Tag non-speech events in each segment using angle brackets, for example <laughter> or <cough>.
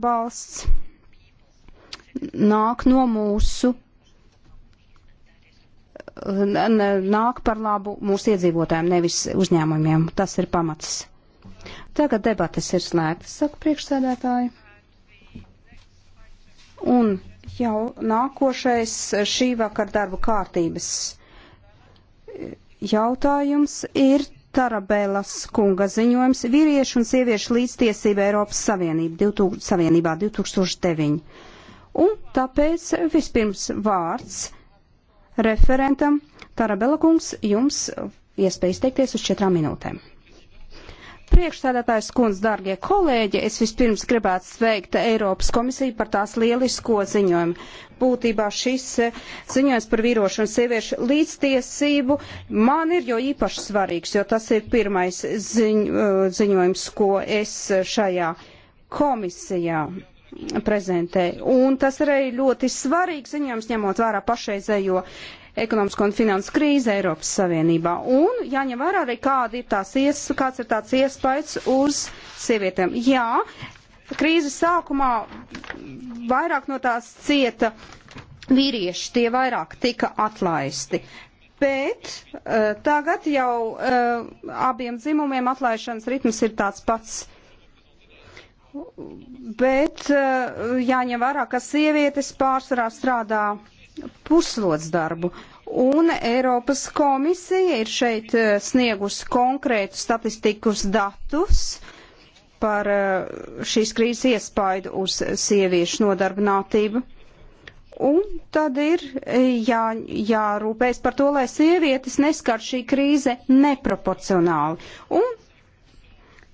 balsts nāk no mūsu, nāk par labu mūsu iedzīvotājiem, nevis uzņēmumiem. Tas ir pamats. Tagad debates ir slēgtas, saka priekšsēdētāji. Un jau nākošais šī vakar darba kārtības jautājums ir Tarabēlas kunga ziņojums Vīriešu un sieviešu līdztiesība Eiropas Savienība, 2000, Savienībā 2009. Un tāpēc vispirms vārds referentam Tarabela kungs jums iespēja izteikties uz četrām minūtēm. Priekšsēdētājs kundz, dārgie kolēģi, es vispirms gribētu sveikt Eiropas komisiju par tās lielisko ziņojumu. Būtībā šis eh, ziņojums par vīrošu un sieviešu līdztiesību man ir jo īpaši svarīgs, jo tas ir pirmais ziņ, eh, ziņojums, ko es eh, šajā komisijā prezentēju. Un tas arī ļoti svarīgs ziņojums, ņemot vērā pašreizējo uh, ekonomisko un finansu krīzi Eiropas Savienībā. Un jāņem vērā arī, kāda ir tās ies, kāds ir tāds iespējas uz sievietēm. Jā, krīzes sākumā vairāk no tās cieta vīrieši, tie vairāk tika atlaisti. Bet uh, tagad jau uh, abiem dzimumiem atlaišanas ritms ir tāds pats. Bet uh, jāņem vērā, ka sievietes pārsvarā strādā puslods darbu. Un Eiropas komisija ir šeit eh, sniegusi konkrētu statistikus datus par eh, šīs krīzes iespaidu uz sieviešu nodarbinātību. Un tad ir eh, jā, jārūpējas par to, lai sievietes neskar šī krīze neproporcionāli. Un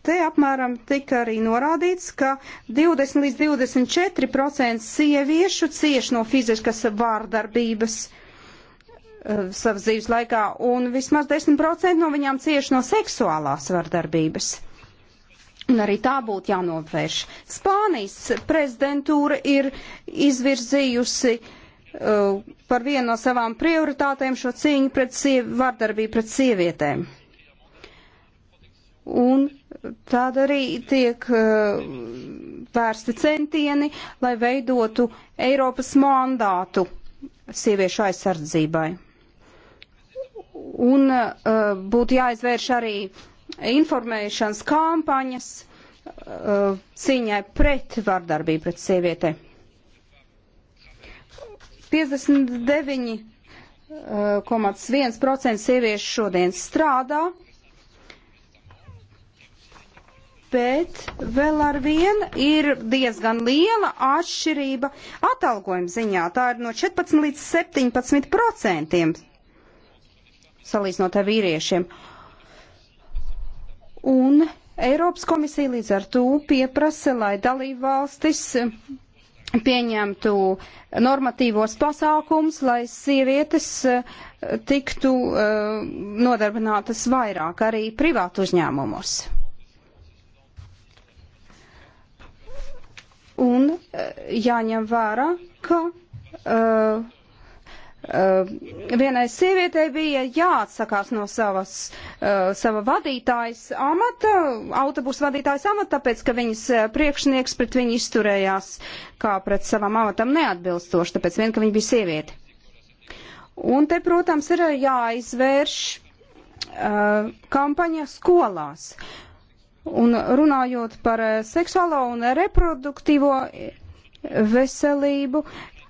Te apmēram tika arī norādīts, ka 20 līdz 24% sieviešu cieš no fiziskas vārdarbības eh, savas dzīves laikā, un vismaz 10% no viņām cieš no seksuālās vardarbības. Un arī tā būtu jānovērš. Spānijas prezidentūra ir izvirzījusi uh, par vienu no savām prioritātēm šo cīņu pret sievi, vardarbību pret sievietēm. Un Tāda arī tiek eh, vērsti centieni, lai veidotu Eiropas mandātu sieviešu aizsardzībai. Un eh, būtu jāizvērš arī informēšanas kampaņas eh, cīņai pret vardarbību pret sievietē. 59,1% sieviešu šodien strādā bet vēl ar vienu ir diezgan liela atšķirība atalgojuma ziņā. Tā ir no 14 līdz 17 procentiem salīdzinot ar vīriešiem. Un Eiropas komisija līdz ar to pieprasa, lai dalībvalstis pieņemtu normatīvos pasākums, lai sievietes eh, tiktu eh, nodarbinātas vairāk arī privātu uzņēmumos. Un e, jāņem vērā, ka. Uh, Uh, vienai sievietei bija jāatsakās no savas, uh, sava vadītājas amata, autobusu vadītājas amata, tāpēc, ka viņas priekšnieks pret viņu izturējās kā pret savam amatam neatbilstoši, tāpēc vien, ka viņa bija sieviete. Un te, protams, ir jāizvērš uh, kampaņa skolās. Uh, Un runājot par eh, seksuālo un reproduktīvo eh, veselību,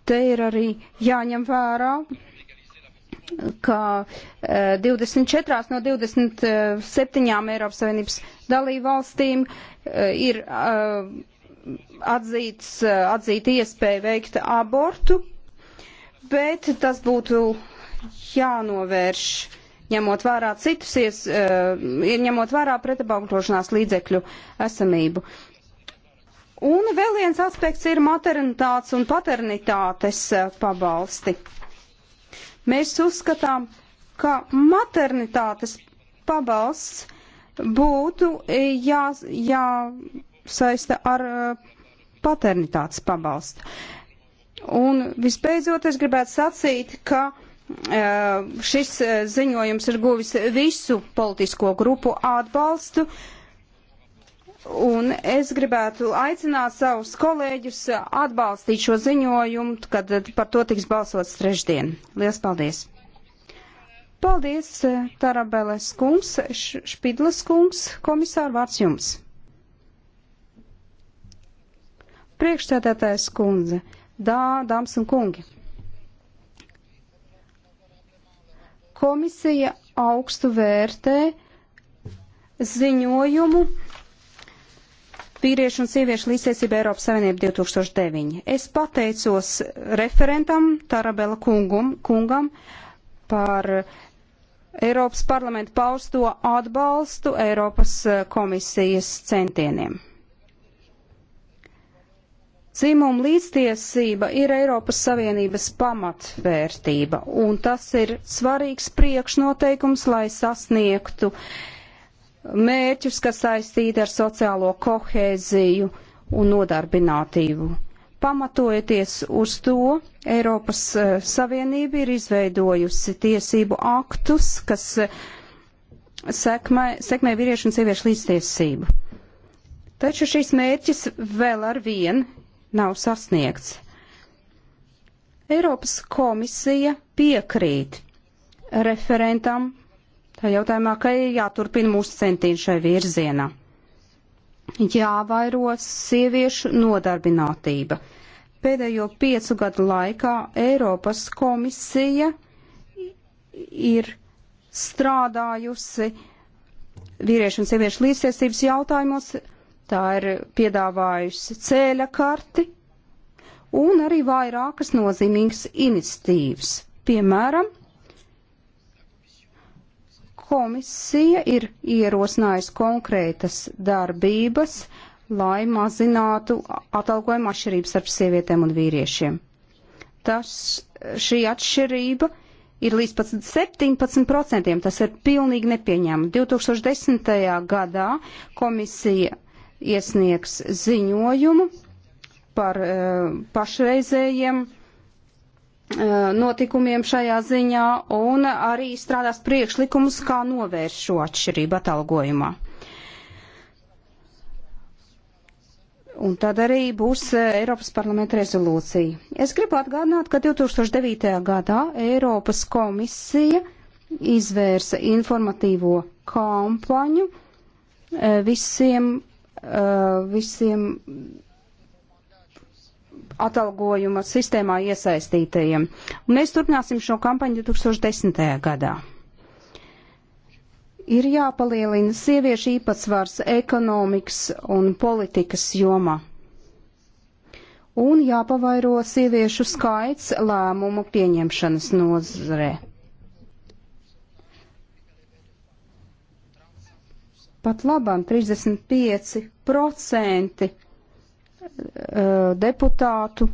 te ir arī jāņem vērā, ka 24 eh, no 27 Eiropas Savienības dalību valstīm ir atzīts, atzīta iespēja veikt abortu, bet tas būtu jānovērš ņemot vērā citus, ies, eh, ņemot vērā pretabaugļošanās līdzekļu esamību. Un vēl viens aspekts ir maternitātes un paternitātes eh, pabalsti. Mēs uzskatām, ka maternitātes pabalsts būtu eh, jā, jāsaista ar paternitātes pabalstu. Un visbeidzot, es gribētu sacīt, ka uh, Eh, šis eh, ziņojums ir guvis visu politisko grupu atbalstu. Un es gribētu aicināt savus kolēģus atbalstīt šo ziņojumu, kad par to tiks balsots trešdien. Lielas paldies! Paldies, eh, Tarabeles kungs, Špidlas kungs, komisāra vārds jums. Priekšstādātājs kundze, dā, dāmas un kungi. Komisija augstu vērtē ziņojumu Vīriešu un sieviešu līdztiesība Eiropas Savienība 2009. Es pateicos referentam Tarabela kungum, kungam par Eiropas parlamentu pausto atbalstu Eiropas eh, komisijas centieniem. Dzimuma līdztiesība ir Eiropas Savienības pamatvērtība, un tas ir svarīgs priekšnoteikums, lai sasniegtu mērķus, kas saistīti ar sociālo kohēziju un nodarbinātību. Pamatojoties uz to, Eiropas eh, Savienība ir izveidojusi tiesību aktus, kas eh, sekmē, sekmē vīriešu un sieviešu līdztiesību. Taču šis mērķis vēl ar vienu nav sasniegts. Eiropas komisija piekrīt referentam tā jautājumā, ka ir jāturpina mūsu centieni šai virzienā. Jāvairo sieviešu nodarbinātība. Pēdējo piecu gadu laikā Eiropas komisija ir strādājusi vīriešu un sieviešu līdztiesības jautājumos Tā ir piedāvājusi ceļa karti un arī vairākas nozīmīgas iniciatīvas. Piemēram, komisija ir ierosinājusi konkrētas darbības, lai mazinātu atalgojuma atšķirības starp sievietēm un vīriešiem. Tas, šī atšķirība ir līdz pat 17%. Tas ir pilnīgi nepieņēmami. 2010. gadā komisija iesniegs ziņojumu par uh, pašreizējiem uh, notikumiem šajā ziņā un arī strādās priekšlikumus, kā novērst šo atšķirību atalgojumā. Un tad arī būs eh, Eiropas parlamenta rezolūcija. Es gribu atgādināt, ka 2009. gadā Eiropas komisija izvērsa informatīvo kampaņu visiem Uh, visiem atalgojuma sistēmā iesaistītajiem. Un mēs turpināsim šo kampaņu 2010. gadā. Ir jāpalielina sieviešu īpatsvars ekonomikas un politikas jomā. Un jāpavairo sieviešu skaits lēmumu pieņemšanas nozarē. Pat labam 35% eh, deputātu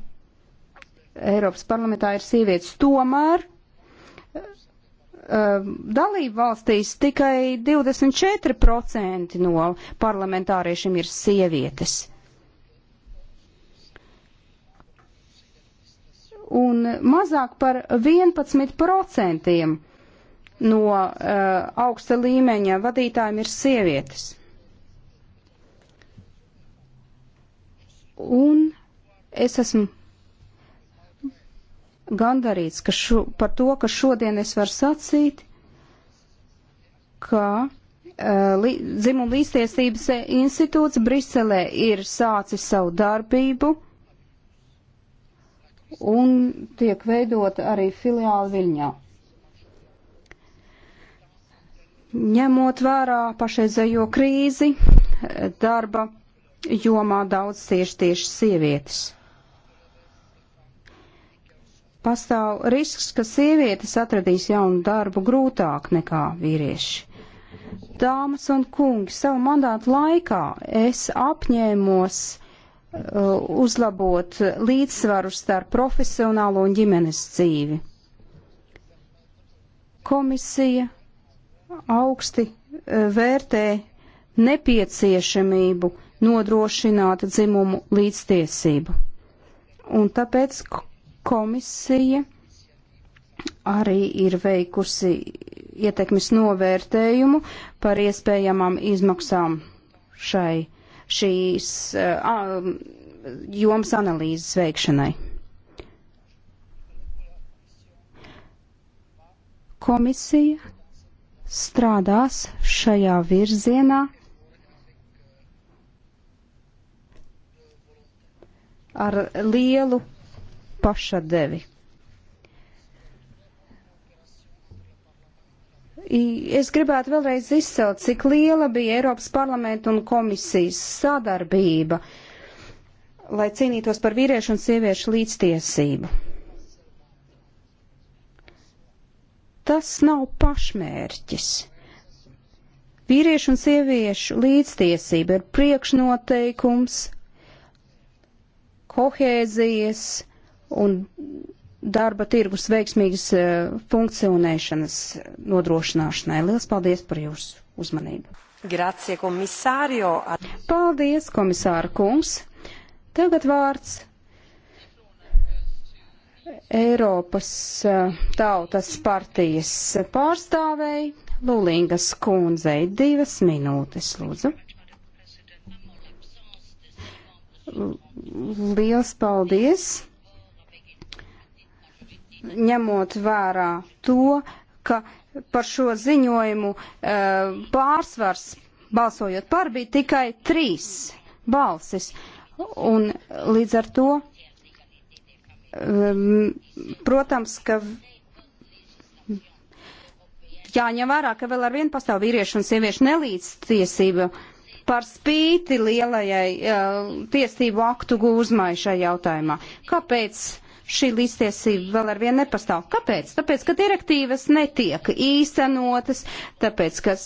Eiropas parlamentā ir sievietes. Tomēr eh, dalību valstīs tikai 24% no parlamentāriešiem ir sievietes. Un mazāk par 11% no uh, augsta līmeņa vadītājiem ir sievietes. Un es esmu gandarīts ka šo, par to, ka šodien es varu sacīt, ka uh, dzimuma līdztiesības institūts Briselē ir sācis savu darbību un tiek veidota arī filiāla Viļņā. Ņemot vērā pašreizējo krīzi, darba jomā daudz tieši tieši sievietes. Pastāv risks, ka sievietes atradīs jaunu darbu grūtāk nekā vīrieši. Dāmas un kungi, savu mandātu laikā es apņēmos uh, uzlabot līdzsvaru starp profesionālo un ģimenes dzīvi. Komisija augsti e, vērtē nepieciešamību nodrošināt dzimumu līdztiesību. Un tāpēc komisija arī ir veikusi ietekmes novērtējumu par iespējamām izmaksām šai šīs uh, jomas analīzes veikšanai. Komisija strādās šajā virzienā ar lielu pašadevi. Es gribētu vēlreiz izcelt, cik liela bija Eiropas parlamenta un komisijas sadarbība, lai cīnītos par vīriešu un sieviešu līdztiesību. Tas nav pašmērķis. Vīriešu un sieviešu līdztiesība ir priekšnoteikums kohēzijas un darba tirgus veiksmīgas eh, funkcionēšanas nodrošināšanai. Lielas paldies par jūsu uzmanību. Grazie, komisārio. Paldies, komisāra kungs. Tagad vārds Eiropas eh, tautas partijas pārstāvei Lulingas kundzei divas minūtes, lūdzu. Liels paldies! Ņemot vērā to, ka par šo ziņojumu eh, pārsvars balsojot par bija tikai trīs balsis, un līdz ar to Ehm, protams, ka jāņem vērā, ka vēl ar vienu pastāv vīriešu un sieviešu nelīdztiesību par spīti lielajai uh, tiesību aktu gūzmai šajā jautājumā. Kāpēc šī līdztiesība vēl ar vienu nepastāv? Kāpēc? Tāpēc, ka direktīvas netiek īstenotas, tāpēc, ka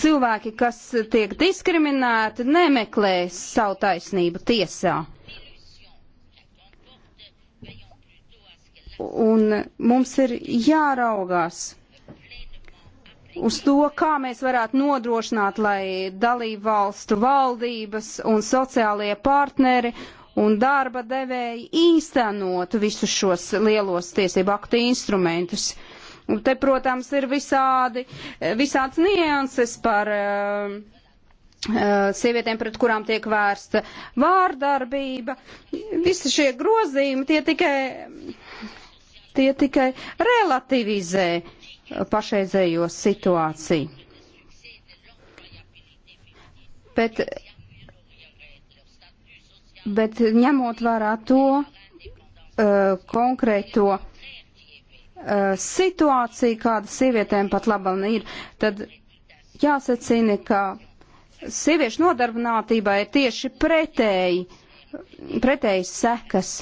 cilvēki, kas tiek diskriminēti, nemeklē savu taisnību tiesā. Un mums ir jāraugās uz to, kā mēs varētu nodrošināt, lai dalību valstu valdības un sociālie partneri un darba devēji īstenotu visus šos lielos tiesību aktu instrumentus. Un te, protams, ir visādi, visāds nianses par uh, sievietēm, pret kurām tiek vērsta vārdarbība. Visi šie grozījumi tie tikai tie tikai relativizē pašreizējo situāciju. Bet, bet ņemot vērā to uh, konkrēto uh, situāciju, kāda sievietēm pat labam ir, tad jāsacina, ka sieviešu nodarbinātībai ir tieši pretēji, pretēji sekas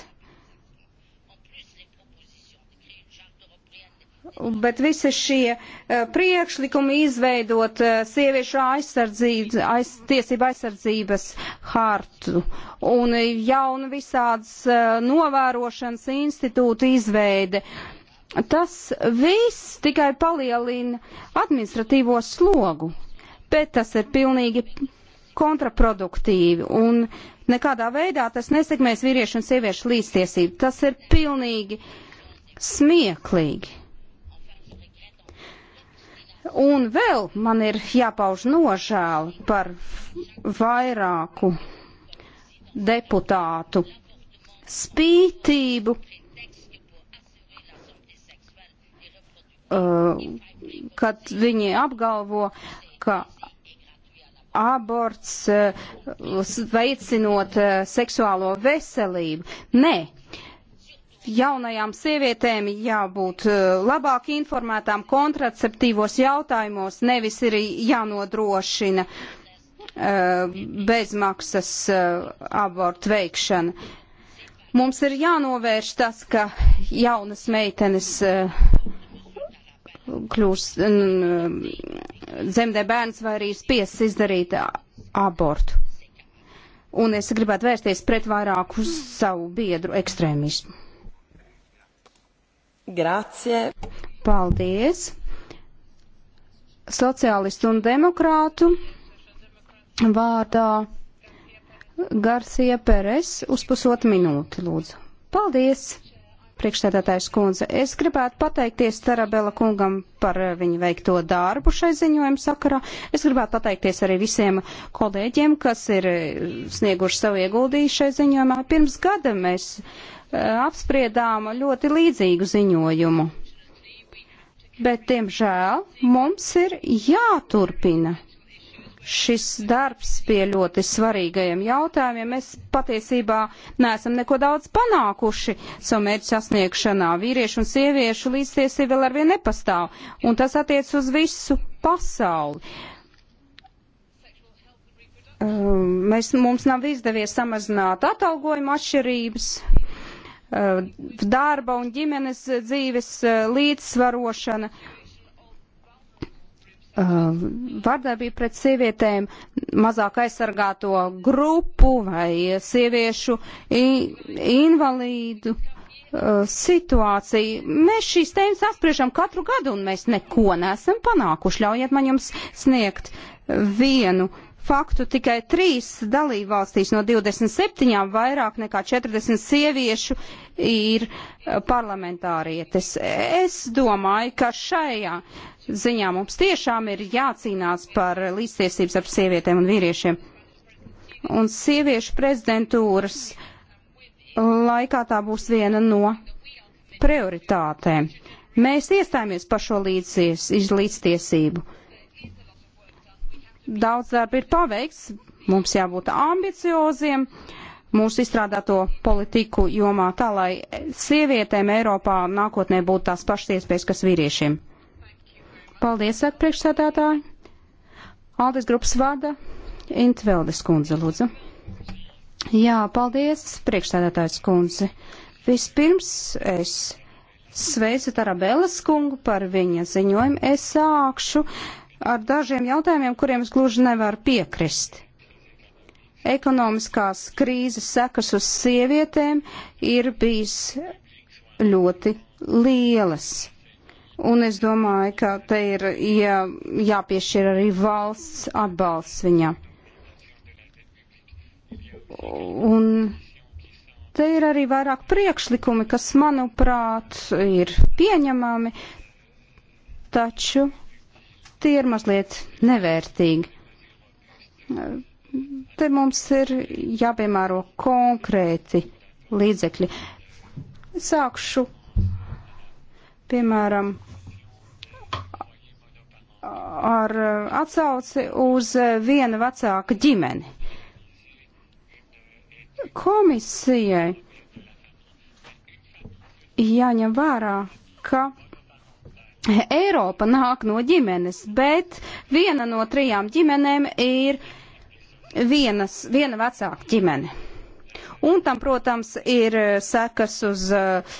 bet visi šie eh, priekšlikumi izveidot eh, sieviešu aizsardzības, aiz, tiesība aizsardzības hartu un jaunu visādas eh, novērošanas institūtu izveide. Tas viss tikai palielina administratīvo slogu, bet tas ir pilnīgi kontraproduktīvi un nekādā veidā tas nesekmēs vīriešu un sieviešu līdztiesību. Tas ir pilnīgi smieklīgi. Un vēl man ir jāpauž nožēla par vairāku deputātu spītību, uh, kad viņi apgalvo, ka aborts uh, veicinot uh, seksuālo veselību. Nē, jaunajām sievietēm jābūt eh, labāk informētām kontraceptīvos jautājumos, nevis ir jānodrošina eh, bezmaksas eh, abortu veikšana. Mums ir jānovērš tas, ka jaunas meitenes kļūs dzemdē bērns vai arī spiesas izdarīt abortu. Un es gribētu vērsties pret vairāku savu biedru ekstrēmismu. Grācie. Paldies. Sociālistu un demokrātu vārdā Garcija Peres uz pusotru minūti, lūdzu. Paldies, priekšstādātājs kundze. Es gribētu pateikties Tarabela kungam par eh, viņu veikto darbu šai ziņojuma sakarā. Es gribētu pateikties arī visiem kolēģiem, kas ir eh, snieguši savu ieguldīju šai ziņojumā. Pirms gada mēs. Uh, Eh, apspriedām ļoti līdzīgu ziņojumu. Bet, diemžēl, mums ir jāturpina šis darbs pie ļoti svarīgajiem jautājumiem. Mēs patiesībā neesam neko daudz panākuši savu mērķu sasniegšanā. Vīriešu un sieviešu līdztiesība vēl arvien nepastāv, un tas attiec uz visu pasauli. Eh, mēs, mums nav izdevies samazināt atalgojuma atšķirības, Uh, darba un ģimenes dzīves uh, līdzsvarošana, uh, vardarbība pret sievietēm, mazāk aizsargāto grupu vai sieviešu invalīdu situācija. Mēs šīs tēmas apspriežam katru gadu un mēs neko nesam panākuši. Ļaujiet man jums sniegt vienu uh, faktu tikai trīs dalībvalstīs no 27 vairāk nekā 40 sieviešu ir eh, parlamentārietes. Es domāju, ka šajā ziņā mums tiešām ir jācīnās par līdztiesības ap sievietēm un vīriešiem. Un sieviešu prezidentūras laikā tā būs viena no prioritātēm. Mēs iestājāmies par šo līdzies, līdztiesību. Līdz daudz darba ir paveikts, mums jābūt ambicioziem mūsu izstrādāto politiku jomā tā, lai sievietēm Eiropā nākotnē būtu tās pašas iespējas, kas vīriešiem. Paldies, saka priekšsēdētāji. Aldis grupas vada Intveldes kundze, lūdzu. Jā, paldies, priekšsēdētājs kundze. Vispirms es sveicu Tarabēlas kungu par viņa ziņojumu. Es sākšu ar dažiem jautājumiem, kuriem es gluži nevaru piekrist. Ekonomiskās krīzes sekas uz sievietēm ir bijis ļoti lielas. Un es domāju, ka te ir jā, jāpiešķir arī valsts atbalsts viņam. Un te ir arī vairāk priekšlikumi, kas, manuprāt, ir pieņemami, taču tie ir mazliet nevērtīgi. Te mums ir jāpiemēro konkrēti līdzekļi. Sākšu, piemēram, ar atsauci uz viena vecāka ģimeni. Komisijai jāņem vērā, ka Eiropa nāk no ģimenes, bet viena no trijām ģimenēm ir vienas, viena vecāka ģimene. Un tam, protams, ir eh, sekas uz eh,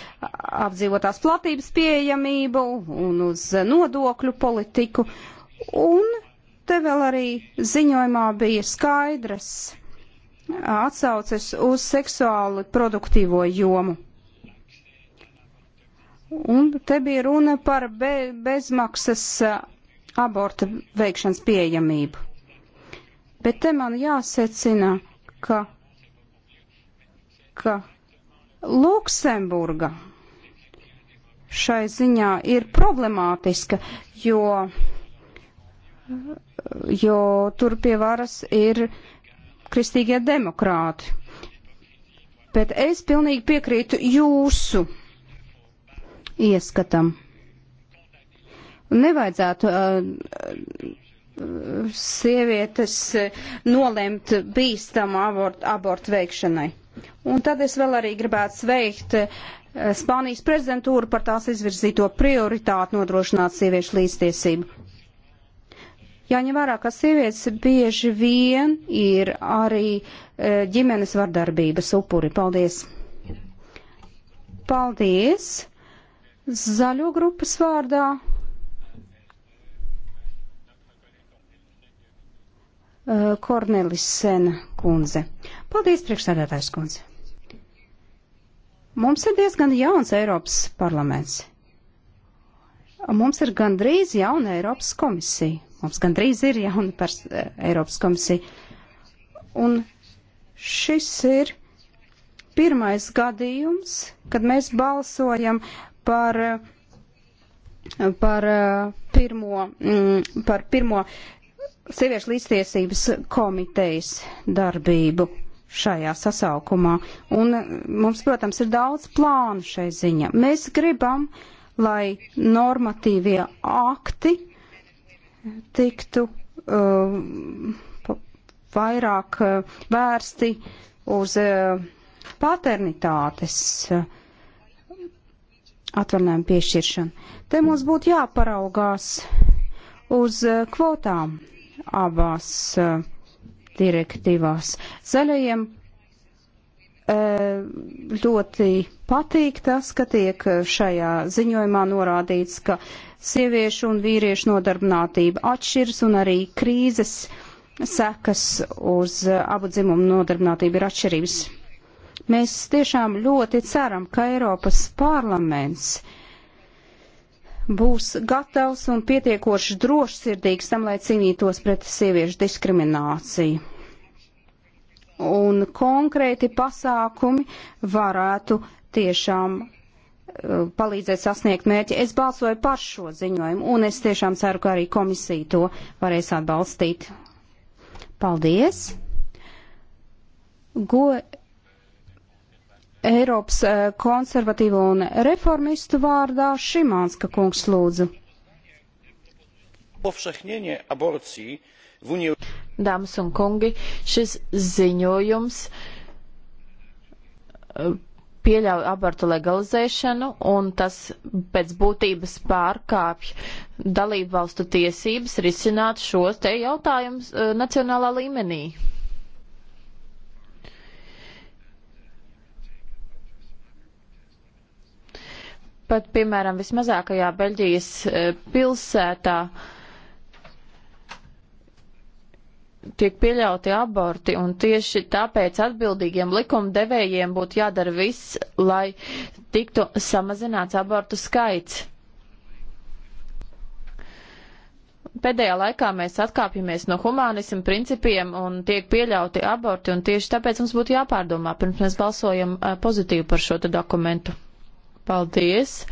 apdzīvotās platības pieejamību un uz nodokļu politiku. Un te vēl arī ziņojumā bija skaidras eh, atsauces uz seksuāli produktīvo jomu. Un te bija runa par be, bezmaksas eh, abortu veikšanas pieejamību. Bet te man jāsecina, ka, ka Luksemburga šai ziņā ir problemātiska, jo, jo tur pie varas ir kristīgie demokrāti. Bet es pilnīgi piekrītu jūsu ieskatam. Nevajadzētu uh, uh sievietes uh, nolemt bīstam abortu abort veikšanai. Un tad es vēl arī gribētu sveikt uh, Spānijas prezidentūru par tās izvirzīto prioritāti nodrošināt sieviešu līdztiesību. Jāņem vērā, ka sievietes bieži vien ir arī ģimenes vardarbības upuri. Paldies! Paldies! Zaļo grupas vārdā. Uh, Kornelis Sena kundze. Paldies, priekšsēdētājs kundze. Mums ir diezgan jauns Eiropas parlaments. Mums ir gandrīz jauna Eiropas komisija. Mums gandrīz ir jauna pers eh, Eiropas komisija. Un šis ir pirmais gadījums, kad mēs balsojam par, par pirmo, mm, par pirmo sieviešu līdztiesības komitejas darbību šajā sasaukumā. Un mums, protams, ir daudz plānu šai ziņā. Mēs gribam, lai normatīvie akti tiktu uh, vairāk uh, vērsti uz uh, paternitātes uh, atvaļinājumu piešķiršanu. Te mums būtu jāparaugās uz eh, kvotām abās eh, direktīvās. Zaļajiem eh, ļoti patīk tas, ka tiek šajā ziņojumā norādīts, ka sieviešu un vīriešu nodarbinātība atšķiras un arī krīzes sekas uz abu dzimumu nodarbinātību ir atšķirības. Mēs tiešām ļoti ceram, ka Eiropas parlaments būs gatavs un pietiekoši drošsirdīgs tam, lai cīnītos pret sieviešu diskrimināciju. Un konkrēti pasākumi varētu tiešām uh, palīdzēt sasniegt mērķi. Es balsoju par šo ziņojumu, un es tiešām ceru, ka arī komisija to varēs atbalstīt. Paldies! Go Eiropas eh, konservatīvo un reformistu vārdā Šimanska kungs lūdzu. Dāmas un kungi, šis ziņojums eh, pieļauj abortu legalizēšanu, un tas pēc būtības pārkāpj dalību valstu tiesības risināt šos te jautājumus eh, nacionālā līmenī. pat, piemēram, vismazākajā Beļģijas e, pilsētā tiek pieļauti aborti, un tieši tāpēc atbildīgiem likumdevējiem būtu jādara viss, lai tiktu samazināts abortu skaits. Pēdējā laikā mēs atkāpjamies no humānismu principiem un tiek pieļauti aborti, un tieši tāpēc mums būtu jāpārdomā, pirms mēs balsojam e, pozitīvi par šo dokumentu. Paldies!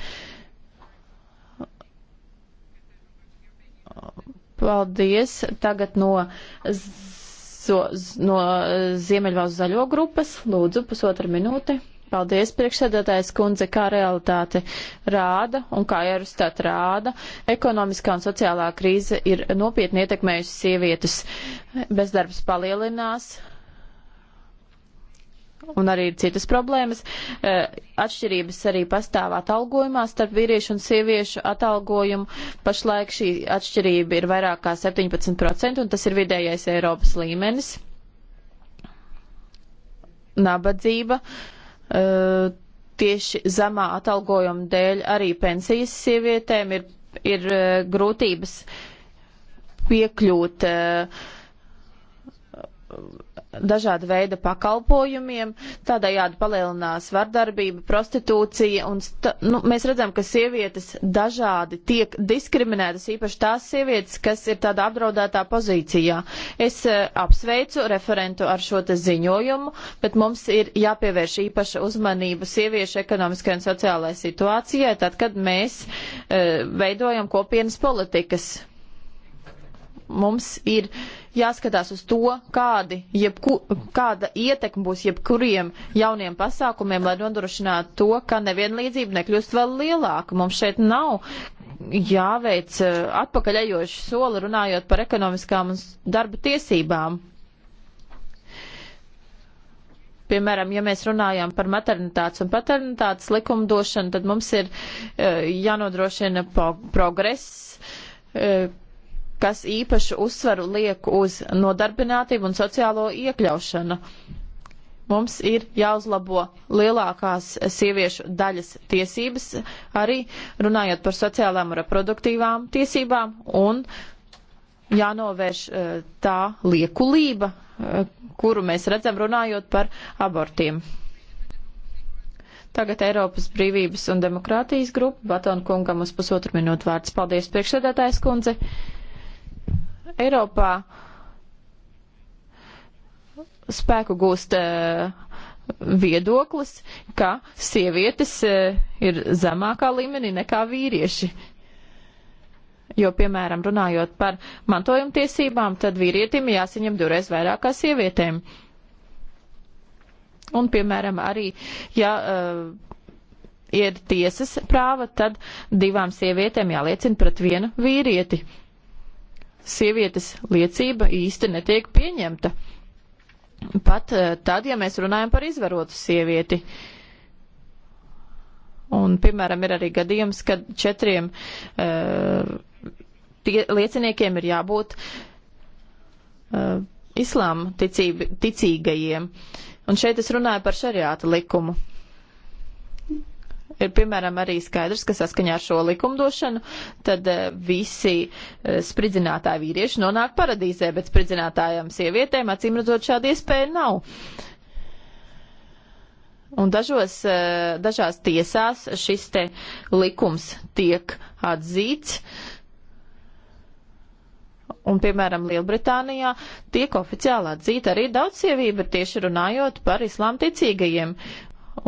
Paldies! Tagad no, zo, no Ziemeļvalsts zaļo grupas. Lūdzu, pusotra minūte. Paldies, priekšsēdētājs kundze, kā realitāte rāda un kā Eurostat rāda. Ekonomiskā un sociālā krīze ir nopietni ietekmējusi sievietes. Bezdarbs palielinās, un arī ir citas problēmas. E, atšķirības arī pastāv atalgojumā starp vīriešu un sieviešu atalgojumu. Pašlaik šī atšķirība ir vairāk kā 17%, un tas ir vidējais Eiropas līmenis. Nabadzība. E, tieši zemā atalgojuma dēļ arī pensijas sievietēm ir, ir e, grūtības piekļūt uh, dažāda veida pakalpojumiem, tādējādi palielinās vardarbība, prostitūcija, un nu, mēs redzam, ka sievietes dažādi tiek diskriminētas, īpaši tās sievietes, kas ir tādā apdraudētā pozīcijā. Es uh, apsveicu referentu ar šo te ziņojumu, bet mums ir jāpievērš īpaša uzmanība sieviešu ekonomiskai un sociālai situācijai, tad, kad mēs uh, veidojam kopienas politikas mums ir jāskatās uz to, kādi, jebku, kāda ietekme būs jebkuriem jauniem pasākumiem, lai nodrošinātu to, ka nevienlīdzība nekļūst vēl lielāka. Mums šeit nav jāveic eh, atpakaļejoši soli runājot par ekonomiskām un darba tiesībām. Piemēram, ja mēs runājam par maternitātes un paternitātes likumdošanu, tad mums ir eh, jānodrošina progress eh, kas īpašu uzsvaru liek uz nodarbinātību un sociālo iekļaušanu. Mums ir jāuzlabo lielākās sieviešu daļas tiesības, arī runājot par sociālām un reproduktīvām tiesībām, un jānovērš eh, tā liekulība, eh, kuru mēs redzam runājot par abortiem. Tagad Eiropas brīvības un demokrātijas grupa Batona kungam uz pusotru minūtu vārds. Paldies, priekšsēdētājs kundze! Eiropā spēku gūst eh, viedoklis, ka sievietes eh, ir zemākā līmenī nekā vīrieši. Jo, piemēram, runājot par mantojumtiesībām, tad vīrietim jāsaņem divreiz vairāk kā sievietēm. Un, piemēram, arī, ja uh, ir tiesas prāva, tad divām sievietēm jāliecina pret vienu vīrieti. Uh, sievietes liecība īsti netiek pieņemta. Pat eh, tad, ja mēs runājam par izvarotu sievieti. Un, piemēram, ir arī gadījums, kad četriem uh, tie, lieciniekiem ir jābūt uh, islāma ticība, ticīgajiem. Un šeit es runāju par šariāta likumu ir piemēram arī skaidrs, ka saskaņā ar šo likumdošanu tad eh, visi eh, spridzinātāji vīrieši nonāk paradīzē, bet spridzinātājām sievietēm acīm redzot šāda iespēja nav. Un dažos, eh, dažās tiesās šis te likums tiek atzīts. Un, piemēram, Lielbritānijā tiek oficiāli atzīta arī daudzsievība, tieši runājot par islām ticīgajiem.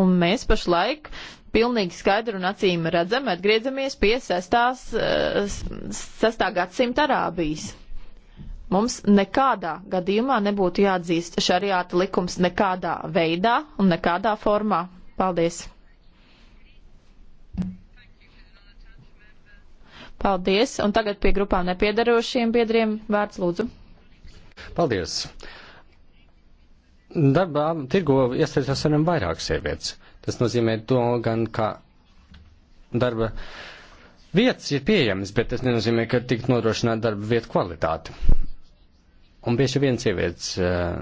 Un mēs pašlaik uh, pilnīgi skaidru un acīm redzami atgriezamies pie 6. Eh, gadsimta Arābijas. Mums nekādā gadījumā nebūtu jāatzīst šariāta likums nekādā veidā un nekādā formā. Paldies! Paldies! Un tagad pie grupām nepiedarošiem biedriem vārds lūdzu. Paldies! Darbā tirgo iesaistās ar vien vairāk sievietes. Tas nozīmē to gan, ka darba vietas ir pieejamas, bet tas nenozīmē, ka tik nodrošināta darba vietu kvalitāte. Un bieži vien sievietes uh,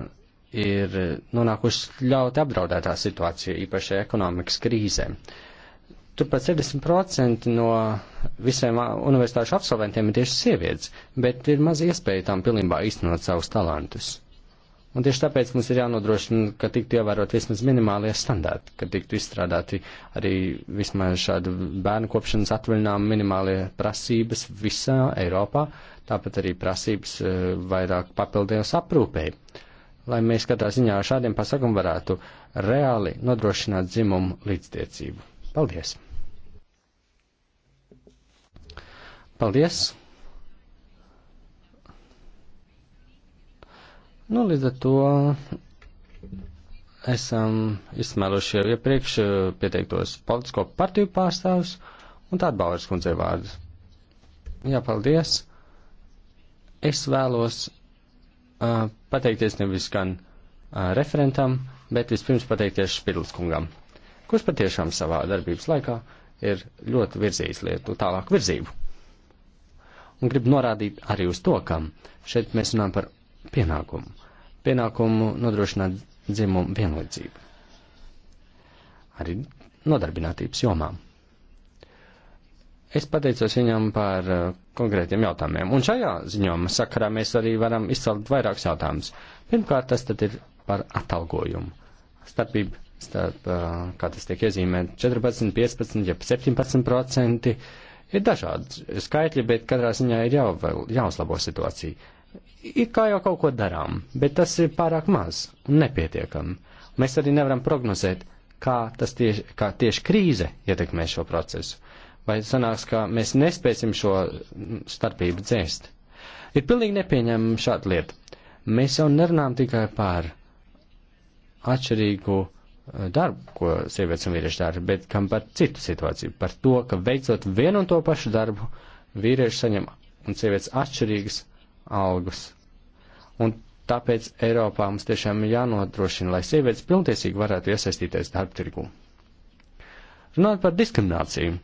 ir nonākušas ļoti apdraudētā situācija, īpaši ekonomikas krīzē. Turpat 70% no visiem universitāšu absolventiem ir tieši sievietes, bet ir maz iespēja tām pilnībā īstenot savus talantus. Un tieši tāpēc mums ir jānodrošina, ka tiktu ievērot vismaz minimālie standarti, ka tiktu izstrādāti arī vismaz šādu bērnu kopšanas atvaļinājumu minimālie prasības visā Eiropā, tāpat arī prasības eh, vairāk papildējus aprūpēji. Lai mēs katrā ziņā šādiem pasakam varētu reāli nodrošināt dzimumu līdztiecību. Paldies! Paldies! Nu, līdz ar to esam izsmēluši jau iepriekš pieteiktos politisko partiju pārstāvus un tādu Bauras kundze vārdus. Jā, paldies. Es vēlos uh, pateikties nevis gan uh, referentam, bet vispirms pateikties Špidlis kungam, kurš patiešām savā darbības laikā ir ļoti virzījis lietu tālāku virzību. Un gribu norādīt arī uz to, ka šeit mēs runājam par pienākumu. Pienākumu nodrošināt dzimumu vienlīdzību. Arī nodarbinātības jomām. Es pateicos viņam par uh, konkrētiem jautājumiem, un šajā ziņojuma sakarā mēs arī varam izcelt vairākus jautājumus. Pirmkārt, tas tad ir par atalgojumu. Starpība starp, uh, kā tas tiek iezīmēt, 14, 15, ja 17 procenti ir dažādi skaitļi, bet katrā ziņā ir jau, jāuzlabo situācija it kā jau kaut ko darām, bet tas ir pārāk maz un nepietiekami. Mēs arī nevaram prognozēt, kā, tieši, kā tieši krīze ietekmē šo procesu. Vai sanāks, ka mēs nespēsim šo starpību dzēst? Ir pilnīgi nepieņemama šāda lieta. Mēs jau nerunājam tikai par atšķirīgu eh, darbu, ko sievietes un vīrieši dara, bet kam par citu situāciju, par to, ka veicot vienu un to pašu darbu, vīrieši saņem un sievietes atšķirīgas algas. Un tāpēc Eiropā mums tiešām jānodrošina, lai sievietes pilntiesīgi varētu iesaistīties darba tirgū. Runājot par diskrimināciju,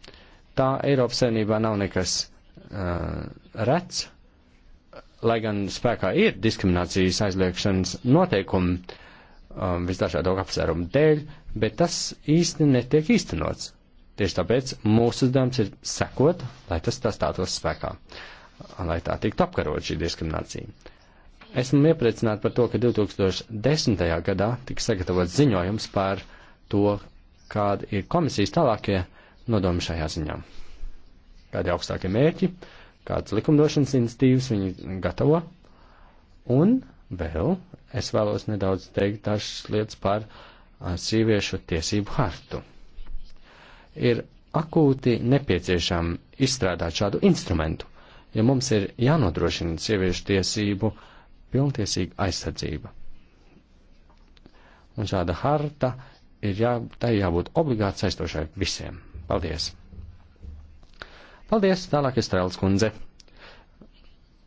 tā Eiropas savienībā nav nekas uh, rets, lai gan spēkā ir diskriminācijas aizliekšanas noteikumi um, visdažādāk apsvērumu dēļ, bet tas īsti netiek īstenots. Tieši tāpēc mūsu uzdevums ir sekot, lai tas tā stātos spēkā. Uh, lai tā tiktu apkarot šī diskriminācija. Esmu iepriecināta par to, ka 2010. gadā tika sagatavots ziņojums par to, kāda ir komisijas tālākie nodomi šajā ziņā. Kādi augstākie mērķi, kādas likumdošanas institīvas viņi gatavo. Un vēl es vēlos nedaudz teikt dažas lietas par sieviešu tiesību hartu. Ir akūti nepieciešama izstrādāt šādu instrumentu, ja mums ir jānodrošina sieviešu tiesību pilntiesīga aizsardzība. Un šāda harta ir jā, tai jābūt obligāti saistošai visiem. Paldies! Paldies, tālāk Estrēlas kundze.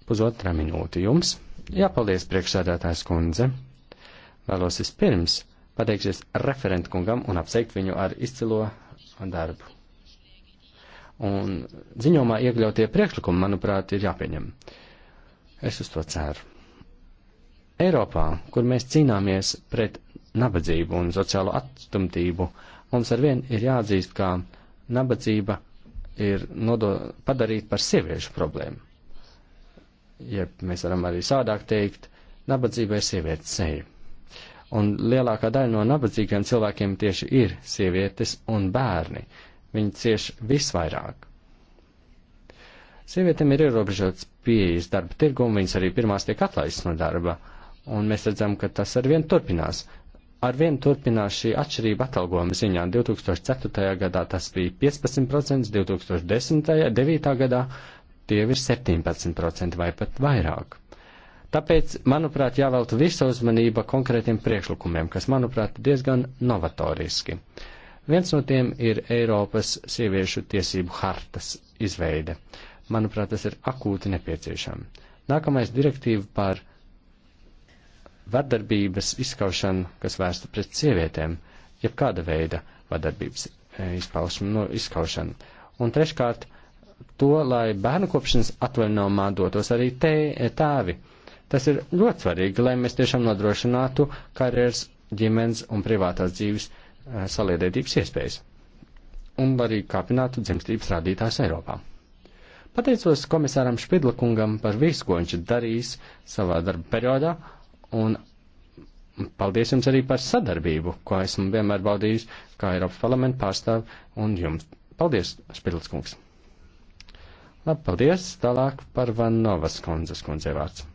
Pusotra minūte jums. Jā, paldies, priekšsēdētājs kundze. Vēlos vispirms pateikties referentkungam un apsveikt viņu ar izcilo darbu. Un ziņomā iekļautie priekšlikumi, manuprāt, ir jāpieņem. Es uz to ceru. Eiropā, kur mēs cīnāmies pret nabadzību un sociālo atstumtību, mums arvien ir jāatzīst, ka nabadzība ir nodo, padarīta par sieviešu problēmu. Ja mēs varam arī sādāk teikt, nabadzība ir sievietes seja. Un lielākā daļa no nabadzīgiem cilvēkiem tieši ir sievietes un bērni, Viņi cieši visvairāk. Sievietēm ir ierobežots pieejas darba tirgumu, viņas arī pirmās tiek atlaistas no darba, un mēs redzam, ka tas arvien turpinās. Arvien turpinās šī atšķirība atalgojuma ziņā. 2004. gadā tas bija 15%, 2010. 9. gadā tie ir 17% vai pat vairāk. Tāpēc, manuprāt, jāvelta visa uzmanība konkrētiem priekšlikumiem, kas, manuprāt, diezgan novatoriski. Uh, Viens no tiem ir Eiropas sieviešu tiesību hartas izveide. Manuprāt, tas ir akūti nepieciešams. Nākamais direktīva par vardarbības izskaušanu, kas vērsta pret sievietēm, jeb kāda veida vardarbības e, izpausmu, no izskaušanu. Un treškārt, to, lai bērnu kopšanas atvaļinājumā dotos arī te, tēvi. Tas ir ļoti svarīgi, lai mēs tiešām nodrošinātu karjeras, ģimenes un privātās dzīves Eh, saliedētības iespējas un arī kāpinātu dzimstības rādītājs Eiropā. Pateicos komisāram Špidlakungam par visu, ko viņš ir darījis savā darba periodā, un paldies jums arī par sadarbību, ko esmu vienmēr baudījis kā Eiropas parlamenta pārstāv, un jums paldies, Špidlis kungs. Labi, paldies, tālāk par Vanovas kundzes kundze vārds.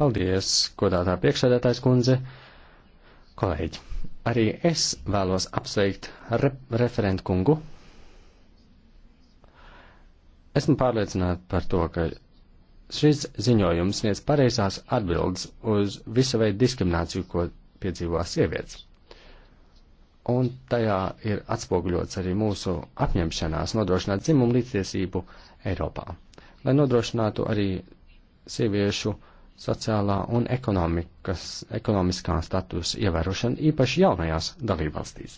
Paldies, godātā priekšsēdētājs kundze. Kolēģi, arī es vēlos apsveikt re referentu kungu. Esmu pārliecināta par to, ka šis ziņojums sniedz pareizās atbildes uz visu veidu diskrimināciju, ko piedzīvo sievietes. Un tajā ir atspoguļots arī mūsu apņemšanās nodrošināt dzimumu līdztiesību Eiropā, lai nodrošinātu arī sieviešu uh, sociālā un ekonomiskā statusa ievērošana īpaši jaunajās dalībvalstīs.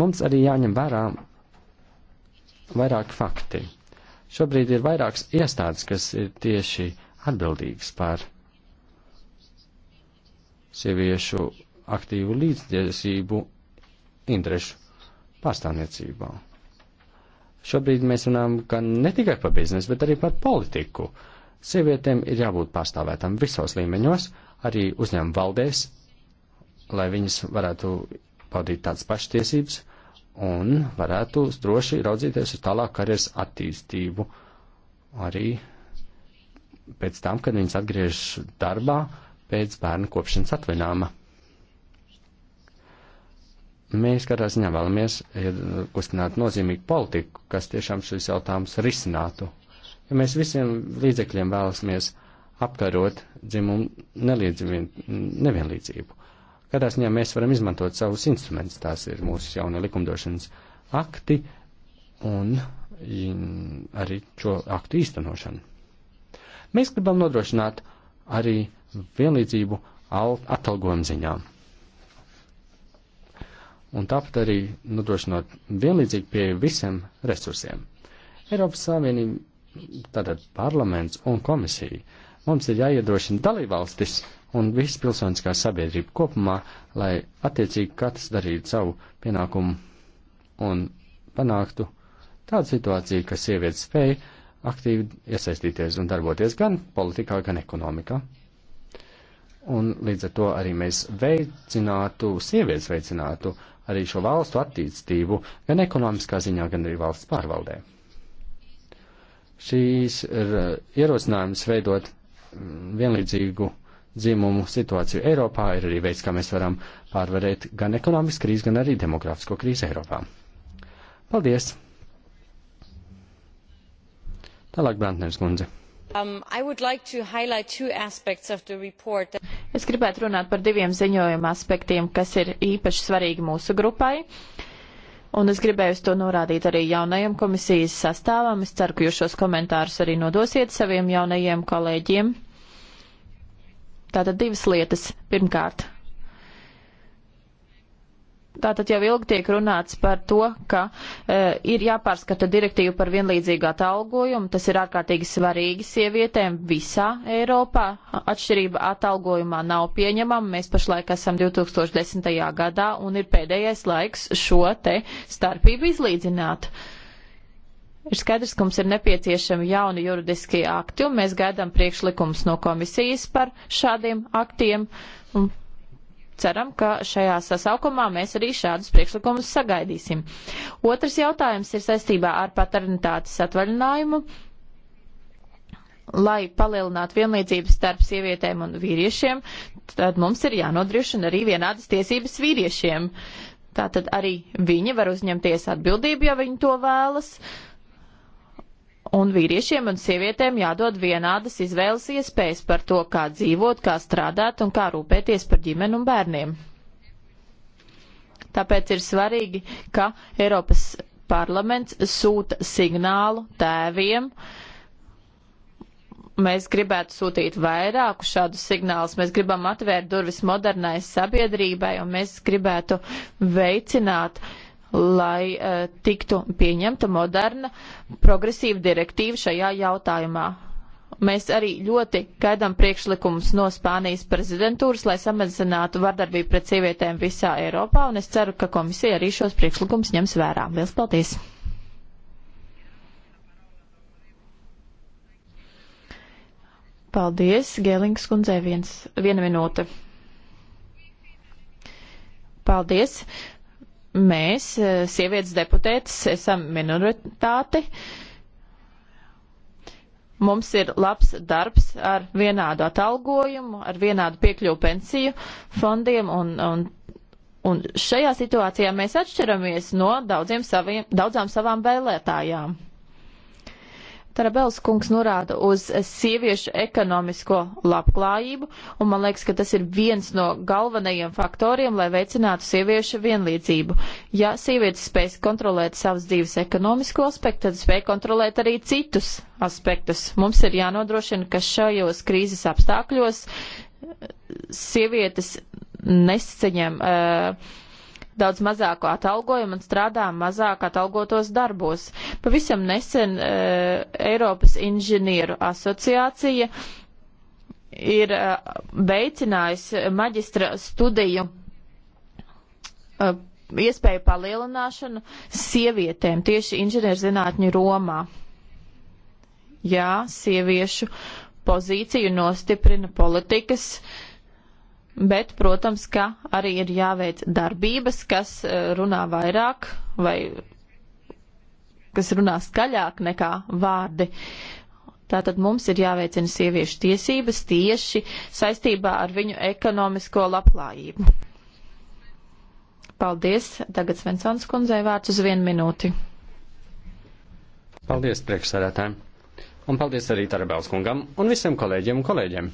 Mums arī jāņem vērā vairāki fakti. Šobrīd ir vairākas iestādes, kas ir tieši atbildīgas par sieviešu aktīvu līdztiesību interešu pārstāvniecībā. Šobrīd mēs runājam gan ne tikai par biznesu, bet arī par politiku. Uh, Sievietēm ir jābūt pārstāvētām visos līmeņos, arī uzņēmuma valdēs, lai viņas varētu paudīt tādas pašas tiesības un varētu droši raudzīties uz tālāk karjeras attīstību arī pēc tam, kad viņas atgriežas darbā pēc bērnu kopšanas atvinājuma. Mēs katrā ziņā vēlamies eh, kustināt nozīmīgu politiku, kas tiešām šis jautājums risinātu ja mēs visiem līdzekļiem vēlamies apkarot dzimumu nevienlīdzību. Kādā ziņā mēs varam izmantot savus instrumentus, tās ir mūsu jauna likumdošanas akti un arī šo aktu īstenošanu. Mēs gribam nodrošināt arī vienlīdzību atalgojuma ziņā. Un tāpat arī nodrošinot vienlīdzīgi pie visiem resursiem. Eiropas Savienība tātad parlaments un komisija. Mums ir jāiedrošina dalībvalstis un viss pilsoniskā sabiedrība kopumā, lai attiecīgi katrs darītu savu pienākumu un panāktu tādu situāciju, ka sievietes spēja aktīvi iesaistīties un darboties gan politikā, gan ekonomikā. Un līdz ar to arī mēs veicinātu, sievietes veicinātu arī šo valstu attīstību gan ekonomiskā ziņā, gan arī valsts pārvaldē šīs ir er, ierosinājums veidot mm, vienlīdzīgu dzimumu situāciju Eiropā, ir arī veids, kā mēs varam pārvarēt gan ekonomisku krīzi, gan arī demografisko krīzi Eiropā. Paldies! Tālāk Brantners kundze. Um, like that... Es gribētu runāt par diviem ziņojuma aspektiem, kas ir īpaši svarīgi mūsu grupai. Uh, Un es gribēju to norādīt arī jaunajam komisijas sastāvam. Es ceru, ka jūs šos komentārus arī nodosiet saviem jaunajiem kolēģiem. Tātad divas lietas. Pirmkārt, Tātad jau ilgi tiek runāts par to, ka e, ir jāpārskata direktīva par vienlīdzīgā atalgojumu. Tas ir ārkārtīgi svarīgi sievietēm visā Eiropā. Atšķirība atalgojumā nav pieņemama. Mēs pašlaik esam 2010. gadā un ir pēdējais laiks šo te starpību izlīdzināt. Ir skaidrs, ka mums ir nepieciešami jauni juridiskie akti, un mēs gaidām priekšlikums no komisijas par šādiem aktiem. Un ceram, ka šajā sasaukumā mēs arī šādus priekšlikumus sagaidīsim. Otrs jautājums ir saistībā ar paternitātes atvaļinājumu. Lai palielinātu vienlīdzību starp sievietēm un vīriešiem, tad mums ir jānodrošina arī vienādas tiesības vīriešiem. Tātad arī viņi var uzņemties atbildību, ja viņi to vēlas. Uh, Un vīriešiem un sievietēm jādod vienādas izvēles iespējas par to, kā dzīvot, kā strādāt un kā rūpēties par ģimeni un bērniem. Tāpēc ir svarīgi, ka Eiropas parlaments sūta signālu tēviem, uh, mēs gribētu sūtīt vairāku šādu signālus. Mēs gribam atvērt durvis modernai sabiedrībai, un mēs gribētu veicināt uh, lai uh, tiktu pieņemta moderna, progresīva direktīva šajā jautājumā. Mēs arī ļoti gaidām priekšlikumus no Spānijas prezidentūras, lai samazinātu vardarbību pret sievietēm visā Eiropā, un es ceru, ka komisija arī šos priekšlikumus ņems vērā. Lielas paldies! Paldies, Gēlings kundzei, viena minūte. Paldies! mēs, eh, sievietes deputētas, esam minoritāti. Mums ir labs darbs ar vienādu atalgojumu, ar vienādu piekļuvu pensiju fondiem, un, un, un šajā situācijā mēs atšķiramies no daudziem saviem, daudzām savām vēlētājām. Tarabels kungs norāda uz sieviešu ekonomisko labklājību, un man liekas, ka tas ir viens no galvenajiem faktoriem, lai veicinātu sieviešu vienlīdzību. Ja sievietes spēj kontrolēt savas dzīves ekonomisko aspektu, tad spēj kontrolēt arī citus aspektus. Mums ir jānodrošina, ka šajos krīzes apstākļos sievietes nesaņem. Uh, eh, daudz mazāku atalgojumu un strādā mazāk atalgotos darbos. Pavisam nesen e, Eiropas inženieru asociācija ir e, veicinājusi maģistra studiju e, iespēju palielināšanu sievietēm tieši inženierzinātņu Romā. Jā, sieviešu pozīciju nostiprina politikas uh, bet, protams, ka arī ir jāveic darbības, kas eh, runā vairāk vai kas runā skaļāk nekā vārdi. Tātad mums ir jāveicina sieviešu tiesības tieši saistībā ar viņu ekonomisko labklājību. Paldies. Tagad Svensons kundzei vārds uz vienu minūti. Paldies priekšsarētājiem. Un paldies arī Tarabels kungam un visiem kolēģiem un kolēģiem.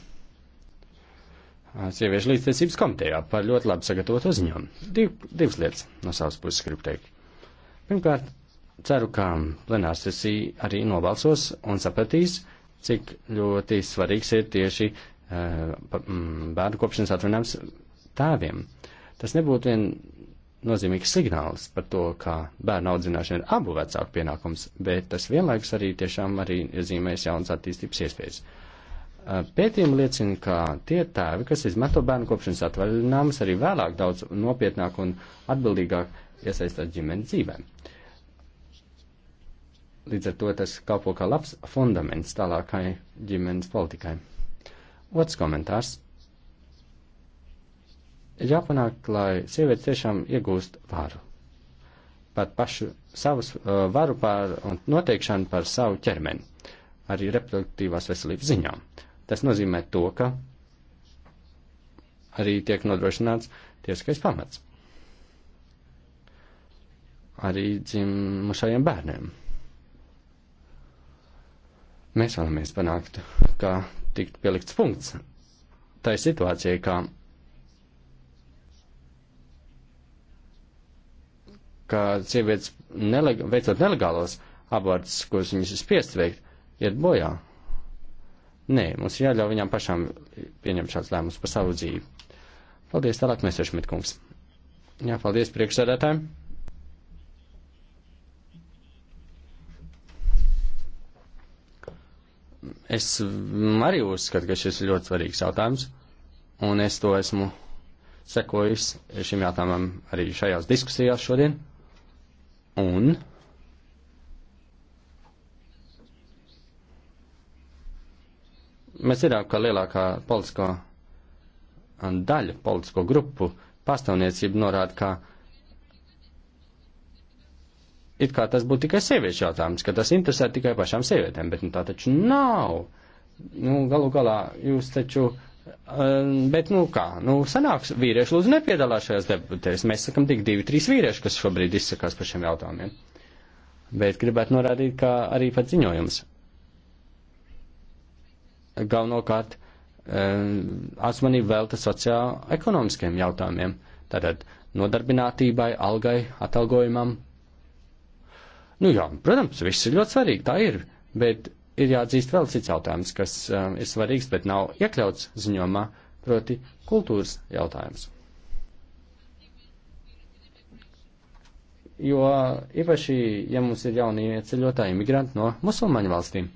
Ah, sieviešu līdztiesības komitejā par ļoti labi sagatavotu uzņēmumu. Div, divas lietas no savas puses gribu teikt. Pirmkārt, ceru, ka plenārsesija arī nobalsos un sapratīs, cik ļoti svarīgs ir tieši uh, bērnu kopšanas atvinājums tēviem. Tas nebūtu vien nozīmīgs signāls par to, ka bērnu audzināšana ir abu vecāku pienākums, bet tas vienlaikus arī tiešām arī iezīmēs jaunas attīstības iespējas. Uh, Pētījumi liecina, ka tie tēvi, kas izmanto bērnu kopšanas atvaļinājumus, arī vēlāk daudz nopietnāk un atbildīgāk iesaistās ģimenes dzīvē. Līdz ar to tas kalpo kā labs fundaments tālākai ģimenes politikai. Otrs komentārs. Jāpanāk, lai sievietes tiešām iegūst varu. Pat pašu savus uh, varu pār un noteikšanu par savu ķermeni. Arī reproduktīvās veselības ziņām Tas nozīmē to, ka arī tiek nodrošināts tiesiskais pamats. Arī dzimušajiem bērniem. Mēs vēlamies panākt, ka tikt pielikts punkts tai situācijai, kā, kā sievietes neleg veicot nelegālos abortus, kurus viņas ir spiest veikt, iet bojā Nē, mums ir jāļauj viņām pašām pieņemt šāds lēmums par savu dzīvi. Paldies, tālāk mēs esam mitkungs. Jā, paldies priekšsēdētājiem. Es arī uzskatu, ka šis ir ļoti svarīgs jautājums, un es to esmu sekojis šim jautājumam arī šajās diskusijās šodien. Un Mēs zinām, ka lielākā politisko daļa politisko grupu pastāvniecība norāda, ka it kā tas būtu tikai sieviešu jautājums, ka tas interesē tikai pašām sievietēm, bet nu, tā taču nav. Nu, galu galā jūs taču um, Bet, nu kā, nu sanāks, vīrieši lūdzu nepiedalās šajās debatēs. Mēs sakam tik divi, trīs vīrieši, kas šobrīd izsakās par šiem jautājumiem. Bet gribētu norādīt, ka arī pat ziņojums galvenokārt uzmanību eh, velta sociālo-ekonomiskiem jautājumiem, tātad nodarbinātībai, algai, atalgojumam. Nu jā, protams, viss ir ļoti svarīgi, tā ir, bet ir jāatzīst vēl cits jautājums, kas um, ir svarīgs, bet nav iekļauts ziņomā, proti kultūras jautājums. Jo īpaši, ja mums ir jaunie ceļotāji imigranti no musulmaņu valstīm.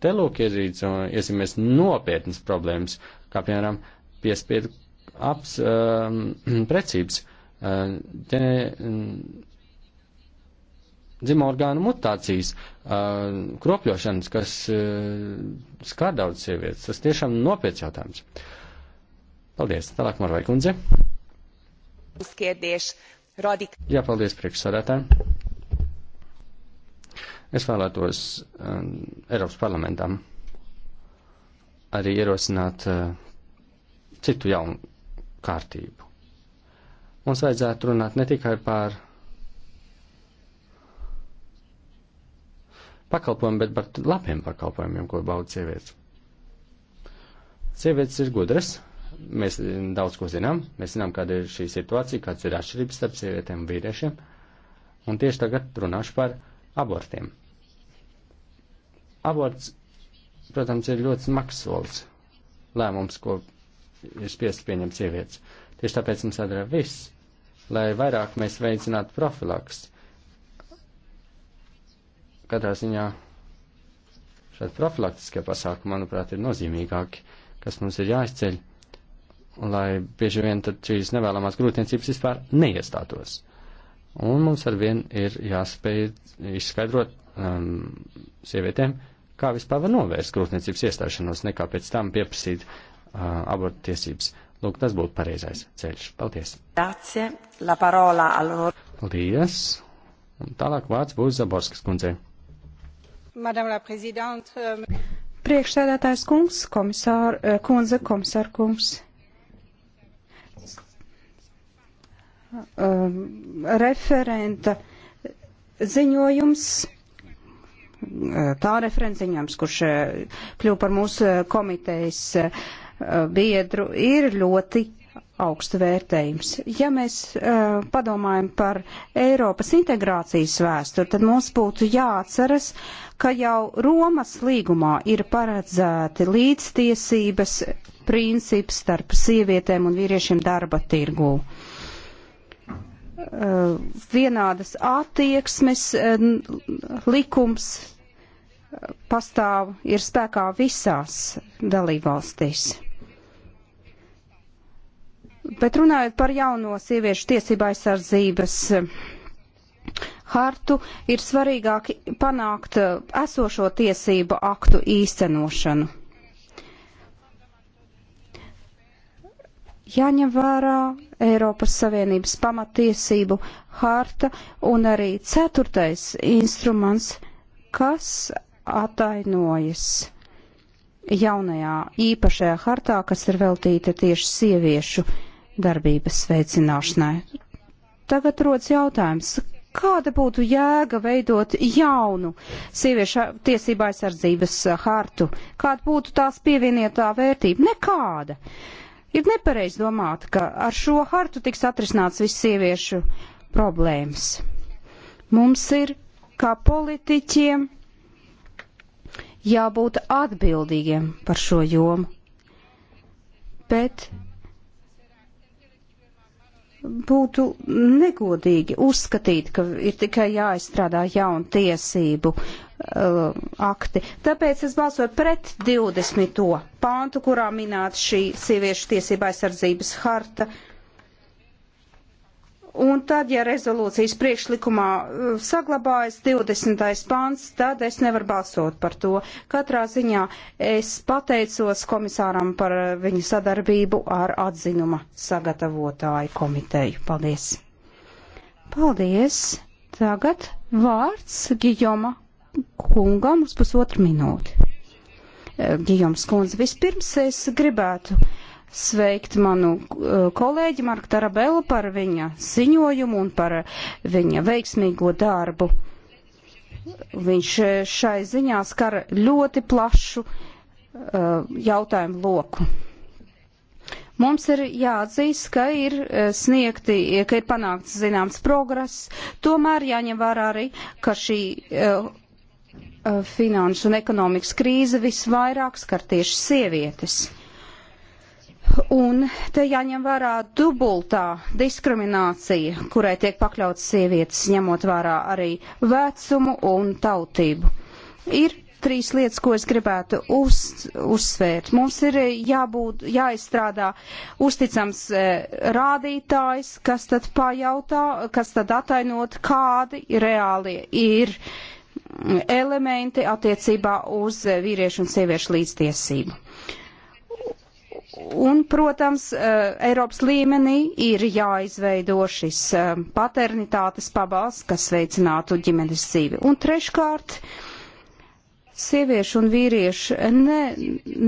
Te lūk iezīmēs nopietnas problēmas, kā piemēram piespiedu aps, uh, <clears throat> precības, uh, te, mm, dzimorgānu mutācijas, uh, kropļošanas, kas uh, skar daudz sievietes. Tas tiešām nopietns jautājums. Paldies. Tālāk Marvai kundze. Uzskiedieši. Radik. Jā, paldies priekšsādātājiem. Es vēlētos um, Eiropas parlamentam arī ierosināt uh, citu jaunu kārtību. Mums vajadzētu runāt ne tikai par pakalpojumiem, bet par labiem pakalpojumiem, ko bauda sievietes. Sievietes ir gudras, mēs eh, daudz ko zinām, mēs zinām, kāda ir šī situācija, kāds ir atšķirības starp sievietēm un vīriešiem, un tieši tagad runāšu par abortiem aborts, protams, ir ļoti smags solis lēmums, ko ir spiest pieņemt sievietes. Tieši tāpēc mums jādara viss, lai vairāk mēs veicinātu profilaks. Katrā ziņā šādi profilaktiskie pasākumi, manuprāt, ir nozīmīgāki, kas mums ir jāizceļ, un lai bieži vien tad šīs nevēlamās grūtniecības vispār neiestātos. Uh, Un mums ar vien ir jāspēj izskaidrot um, sievietēm, kā vispār var novērst grūtniecības iestāšanos, nekā pēc tam pieprasīt uh, abortu tiesības. Lūk, tas būtu pareizais ceļš. Paldies! Grazie, la parola all'onor. Paldies! Un tālāk vārds būs Zaborskas kundzei. Madame la prezidente. Euh, Priekšsēdētājs kungs, komisār, euh, kundze, komisār kungs. Um, referenta ziņojums, uh, tā referenta ziņojums, kurš uh, kļuva par mūsu komitejas uh, biedru, ir ļoti augstu vērtējums. Ja mēs uh, padomājam par Eiropas integrācijas vēsturi, tad mums būtu jāatceras, ka jau Romas līgumā ir paredzēti līdztiesības princips starp sievietēm un vīriešiem darba tirgū. Uh, vienādas attieksmes likums pastāv, ir spēkā visās dalībvalstīs. Bet runājot par jauno sieviešu tiesību aizsardzības hartu, ir svarīgāk panākt esošo tiesību aktu īstenošanu. jāņem vērā Eiropas Savienības pamatiesību harta un arī ceturtais instruments, kas atainojas jaunajā īpašajā hartā, kas ir veltīta tieši sieviešu darbības veicināšanai. Tagad rodas jautājums, kāda būtu jēga veidot jaunu sieviešu tiesību aizsardzības hartu? Kāda būtu tās pievienietā vērtība? Nekāda. Uh, Ir nepareizi domāt, ka ar šo hartu tiks atrisināts viss sieviešu problēmas. Mums ir, kā politiķiem, jābūt atbildīgiem par šo jomu. Bet būtu negodīgi uzskatīt, ka ir tikai jāizstrādā jauna tiesību uh, akti. Tāpēc es balsoju pret 20. pāntu, kurā minēta šī sieviešu tiesība aizsardzības harta. Un tad, ja rezolūcijas priekšlikumā uh, saglabājas 20. pāns, tad es nevaru balsot par to. Katrā ziņā es pateicos komisāram par uh, viņa sadarbību ar atzinuma sagatavotāju komiteju. Paldies! Paldies! Tagad vārds Gijoma kungam uz pusotru minūti. Eh, Gijoms kundze, vispirms es gribētu sveikt manu eh, kolēģi Marku Tarabelu par viņa ziņojumu un par viņa veiksmīgo darbu. Viņš eh, šai ziņā skar ļoti plašu jautājumu loku. Mums ir jāatzīst, ka ir sniegti, ka ir panākts zināms progress, tomēr jāņem vērā arī, ka šī uh, Uh, finanšu un ekonomikas krīze visvairāk skar tieši sievietes. Un te jāņem vērā dubultā diskriminācija, kurai tiek pakļauts sievietes, ņemot vērā arī vecumu un tautību. Ir trīs lietas, ko es gribētu uz, uzsvērt. Mums ir jābūt, jāizstrādā uzticams e, rādītājs, kas tad pajautā, kas tad atainot, kādi reālie ir. E, elementi attiecībā uz vīriešu un sieviešu līdztiesību. Un, protams, eh, Eiropas līmenī ir jāizveido šis eh, paternitātes pabalsts, kas veicinātu ģimenes dzīvi. Un treškārt, sieviešu un vīriešu ne,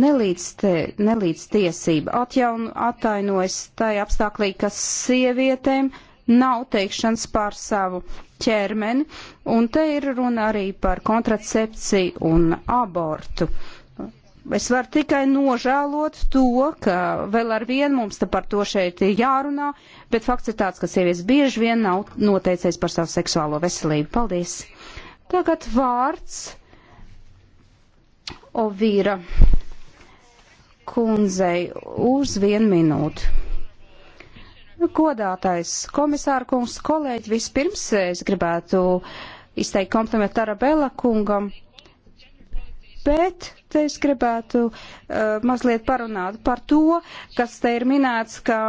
nelīdzte, nelīdztiesība atjaun, attainojas tai apstāklī, ka sievietēm nav teikšanas pār savu ķermeni, un te ir runa arī par kontracepciju un abortu. Es varu tikai nožēlot to, ka vēl ar vienu mums te par to šeit jārunā, bet fakts ir tāds, ka sievietes bieži vien nav noteicējis par savu seksuālo veselību. Paldies! Tagad vārds Ovīra kundzei uz vienu minūtu. Godātais komisārkungs, kolēģi, vispirms es gribētu izteikt komplimentu Tarabela kungam, bet te es gribētu uh, mazliet parunāt par to, kas te ir minēts, ka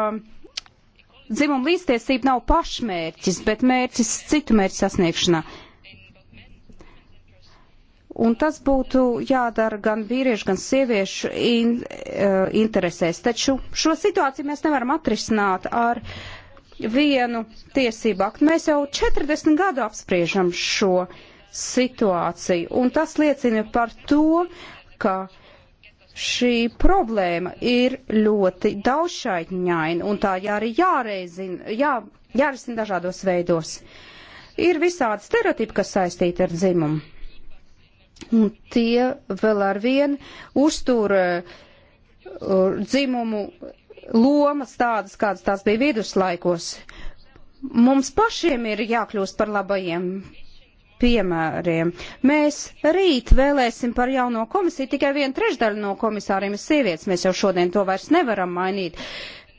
dzimuma līdztiesība nav pašmērķis, bet mērķis citu mērķu sasniegšanā. Uh, Un tas būtu jādara gan vīriešu, gan sieviešu in, uh, interesēs. Taču šo situāciju mēs nevaram atrisināt ar vienu tiesību aktu. Mēs jau 40 gadu apspriežam šo situāciju, un tas liecina par to, ka šī problēma ir ļoti daudzšaitņaina, un tā jā arī jāreizina, jā, jārisina dažādos veidos. Ir visādi stereotipi, kas saistīti ar dzimumu un tie vēl ar vienu uztur uh, dzimumu lomas tādas, kādas tās bija viduslaikos. Mums pašiem ir jākļūst par labajiem piemēriem. Mēs rīt vēlēsim par jauno komisiju, tikai viena trešdaļa no komisāriem ir sievietes, mēs jau šodien to vairs nevaram mainīt.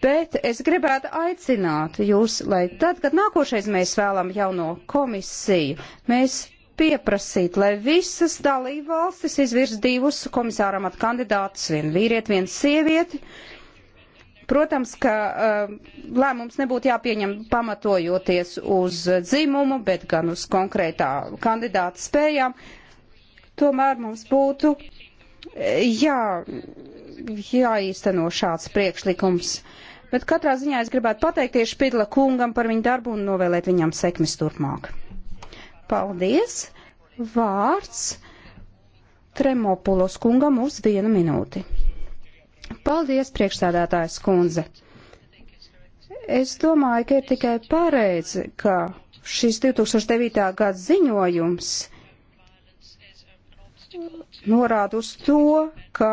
Bet es gribētu aicināt jūs, lai tad, kad nākošais mēs vēlam jauno komisiju, mēs pieprasīt, lai visas dalībvalstis izvirs divus komisāram at kandidātus, vienu vīrieti, vienu sievieti. Protams, ka uh, lēmums nebūtu jāpieņem pamatojoties uz dzimumu, bet gan uz konkrētā kandidāta spējām. Tomēr mums būtu eh, jā, jāīsteno šāds priekšlikums. Bet katrā ziņā es gribētu pateikt tieši Pidla kungam par viņu darbu un novēlēt viņam sekmes turpmāk. Paldies! Vārds Tremopulos kungam uz vienu minūti. Paldies, priekšstādātājs kundze! Es domāju, ka ir tikai pareizi, ka šis 2009. gada ziņojums norāda uz to, ka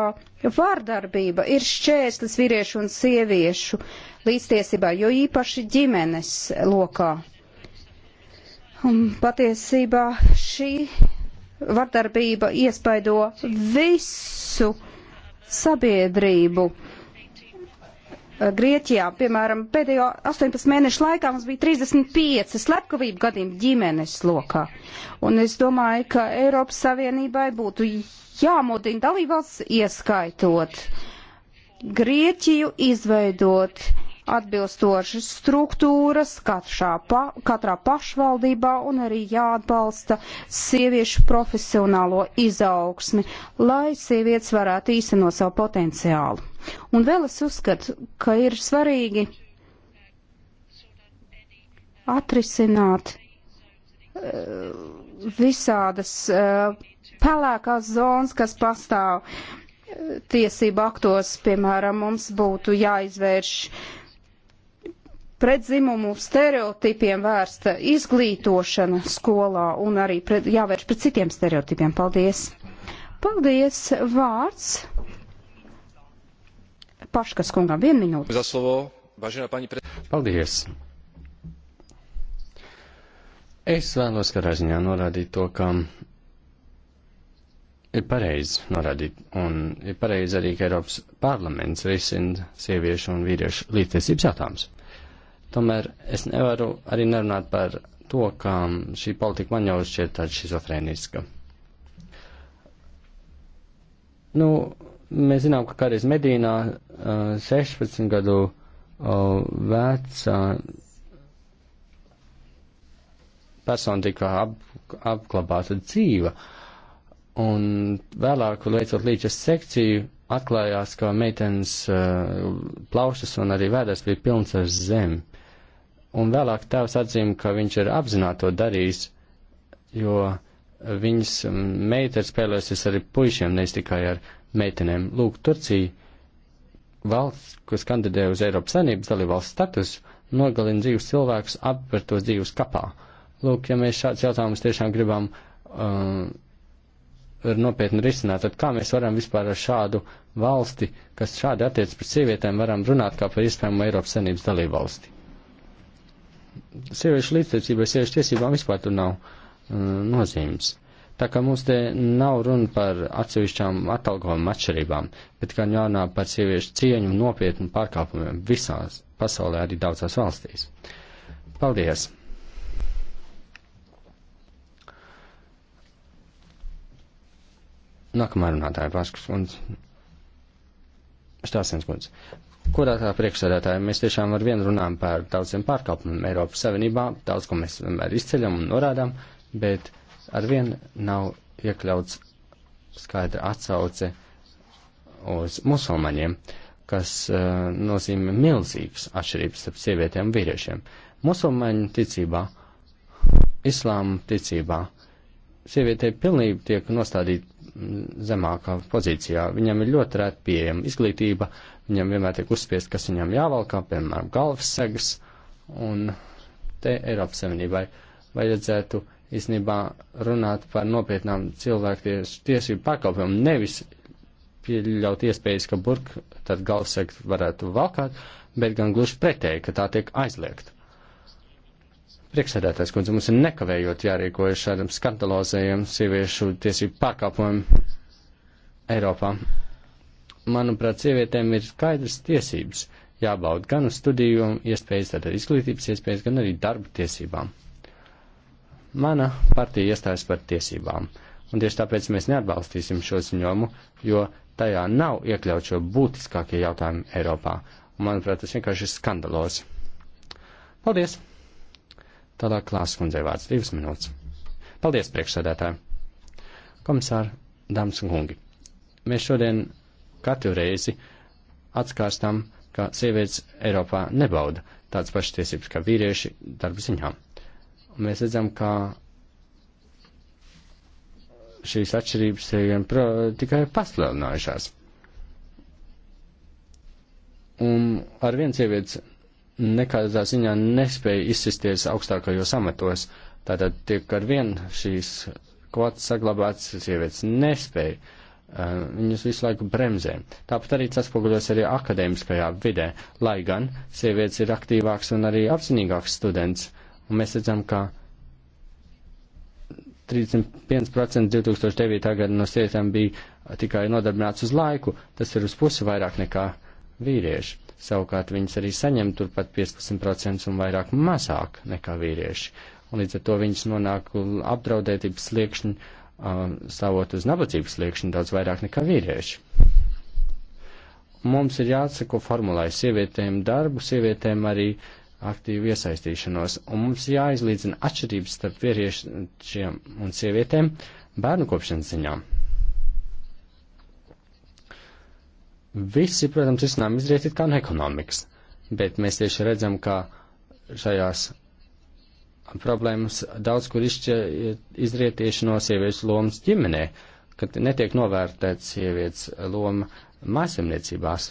vārdarbība ir šķērslis vīriešu un sieviešu līdztiesībā, jo īpaši ģimenes lokā. Un patiesībā šī vardarbība iespaido visu sabiedrību. Grieķijā, piemēram, pēdējo 18 mēnešu laikā mums bija 35 slepkavību gadījumu ģimenes lokā. Un es domāju, ka Eiropas Savienībai būtu jāmudina dalībvalsts ieskaitot Grieķiju izveidot atbilstošas struktūras katrā, pa, katrā pašvaldībā un arī jāatbalsta sieviešu profesionālo izaugsmi, lai sievietes varētu īstenot savu potenciālu. Un vēl es uzskatu, ka ir svarīgi atrisināt uh, visādas uh, pelēkās zonas, kas pastāv uh, tiesību aktos, piemēram, mums būtu jāizvērš uh, pretzimumu stereotipiem vērsta izglītošana skolā un arī pret, jāvērš pret citiem stereotipiem. Paldies! Paldies! Vārds! Paškas kungam, vienu minūti. Za slovo, važinā paņi pret... Paldies! Es vēlos katrā ziņā norādīt to, ka ir pareizi norādīt, un ir pareizi arī, ka Eiropas parlaments risina sieviešu un vīriešu līdztiesības jautājumus. Tomēr es nevaru arī nerunāt par to, ka šī politika man jau šķiet tāda šizofrēniska. Nu, mēs zinām, ka kādreiz Medīnā 16 eh, gadu eh, vecā persona tika ap, apglabāta dzīva. Un vēlāk, veicot līdzes sekciju, atklājās, ka meitenes uh, plaušas un arī vēders bija pilns ar zemi. Un vēlāk tēvs atzīm, ka viņš ir apzināto darījis, jo viņas meita ir spēlējusies arī puišiem, ne tikai ar meitenēm. Lūk, Turcija, valsts, kas kandidē uz Eiropas saimnības dalībvalsts statusu, nogalina dzīvus cilvēkus, apver tos dzīvus kapā. Lūk, ja mēs šāds jautājumus tiešām gribam um, nopietni risināt, tad kā mēs varam vispār ar šādu valsti, kas šādi attiec pret sievietēm, varam runāt kā par iespējamo Eiropas saimnības dalībvalsti? sieviešu līdztiesībai, sieviešu tiesībām vispār tur nav mm, nozīmes. Tā kā mums te nav runa par atsevišķām atalgojuma atšķirībām, bet gan jārunā par sieviešu cieņu un nopietnu pārkāpumiem visās pasaulē, arī daudzās valstīs. Paldies! Nākamā runātāja Vaskas un Štāsens kundze kurā tā priekšsēdētāja mēs tiešām ar vienu runājam par daudziem pārkāpumiem Eiropas Savienībā, daudz ko mēs vienmēr izceļam un norādām, bet ar vienu nav iekļauts skaidra atsauce uz musulmaņiem, kas uh, nozīmē milzīgas atšķirības starp sievietēm un vīriešiem. Musulmaņu ticībā, islāma ticībā, sievietei pilnīgi tiek nostādīta zemākā pozīcijā. Viņam ir ļoti rēt pieejama izglītība, viņam vienmēr tiek uzspiest, kas viņam jāvalkā, piemēram, galvas segas, un te Eiropas Savienībai vajadzētu īstenībā runāt par nopietnām cilvēkties tiesību pakalpēm, nevis pieļaut iespējas, ka burk, tad galvsekt varētu valkāt, bet gan gluži pretēji, ka tā tiek aizliegta. Priekšsēdētājs kundze, mums ir nekavējot jārīkojas šādam skandalozējam sieviešu tiesību pārkāpumam Eiropā. Manuprāt, sievietēm ir skaidrs tiesības jābauda gan uz studiju iespējas, tātad izglītības iespējas, gan arī darba tiesībām. Mana partija iestājas par tiesībām, un tieši tāpēc mēs neatbalstīsim šo ziņojumu, jo tajā nav iekļaut šo būtiskākie jautājumi Eiropā. Un, manuprāt, tas vienkārši ir skandalozi. Paldies! Tālāk klāsts kundzei vārds divas minūtes. Paldies, priekšsēdētāji! Komisāri, dāmas un kungi! Mēs šodien katru reizi atskārstam, ka sievietes Eiropā nebauda tādas pašas tiesības kā vīrieši darba ziņā. Mēs redzam, ka šīs atšķirības ir tikai paslielinājušās. Un ar viens sievietes nekādā ziņā nespēja izsisties augstākajos amatos. Tātad tiek ar vien šīs kvotas saglabāts, sievietes nespēja. Uh, viņus visu laiku bremzē. Tāpat arī tas spoguļos arī akadēmiskajā vidē, lai gan sievietes ir aktīvāks un arī apzinīgāks students. Un mēs redzam, ka 35% 2009. gada no sievietēm bija tikai nodarbināts uz laiku, tas ir uz pusi vairāk nekā vīrieši. Savukārt viņas arī saņem turpat 15% un vairāk mazāk nekā vīrieši. Un līdz ar to viņas nonāk apdraudētības sliekšņi, um, stāvot uz nabadzības sliekšņi daudz vairāk nekā vīrieši. Mums ir jāatsako formulai sievietēm darbu, sievietēm arī aktīvu iesaistīšanos, un mums jāizlīdzina atšķirības starp vīriešiem un sievietēm bērnu kopšanas ziņām. Visi, protams, risinājumi izriet it kā no ekonomikas, bet mēs tieši redzam, ka šajās problēmas daudz kur izriet tieši no sievietes lomas ģimenē, kad netiek novērtēta sievietes loma mājasemniecībās.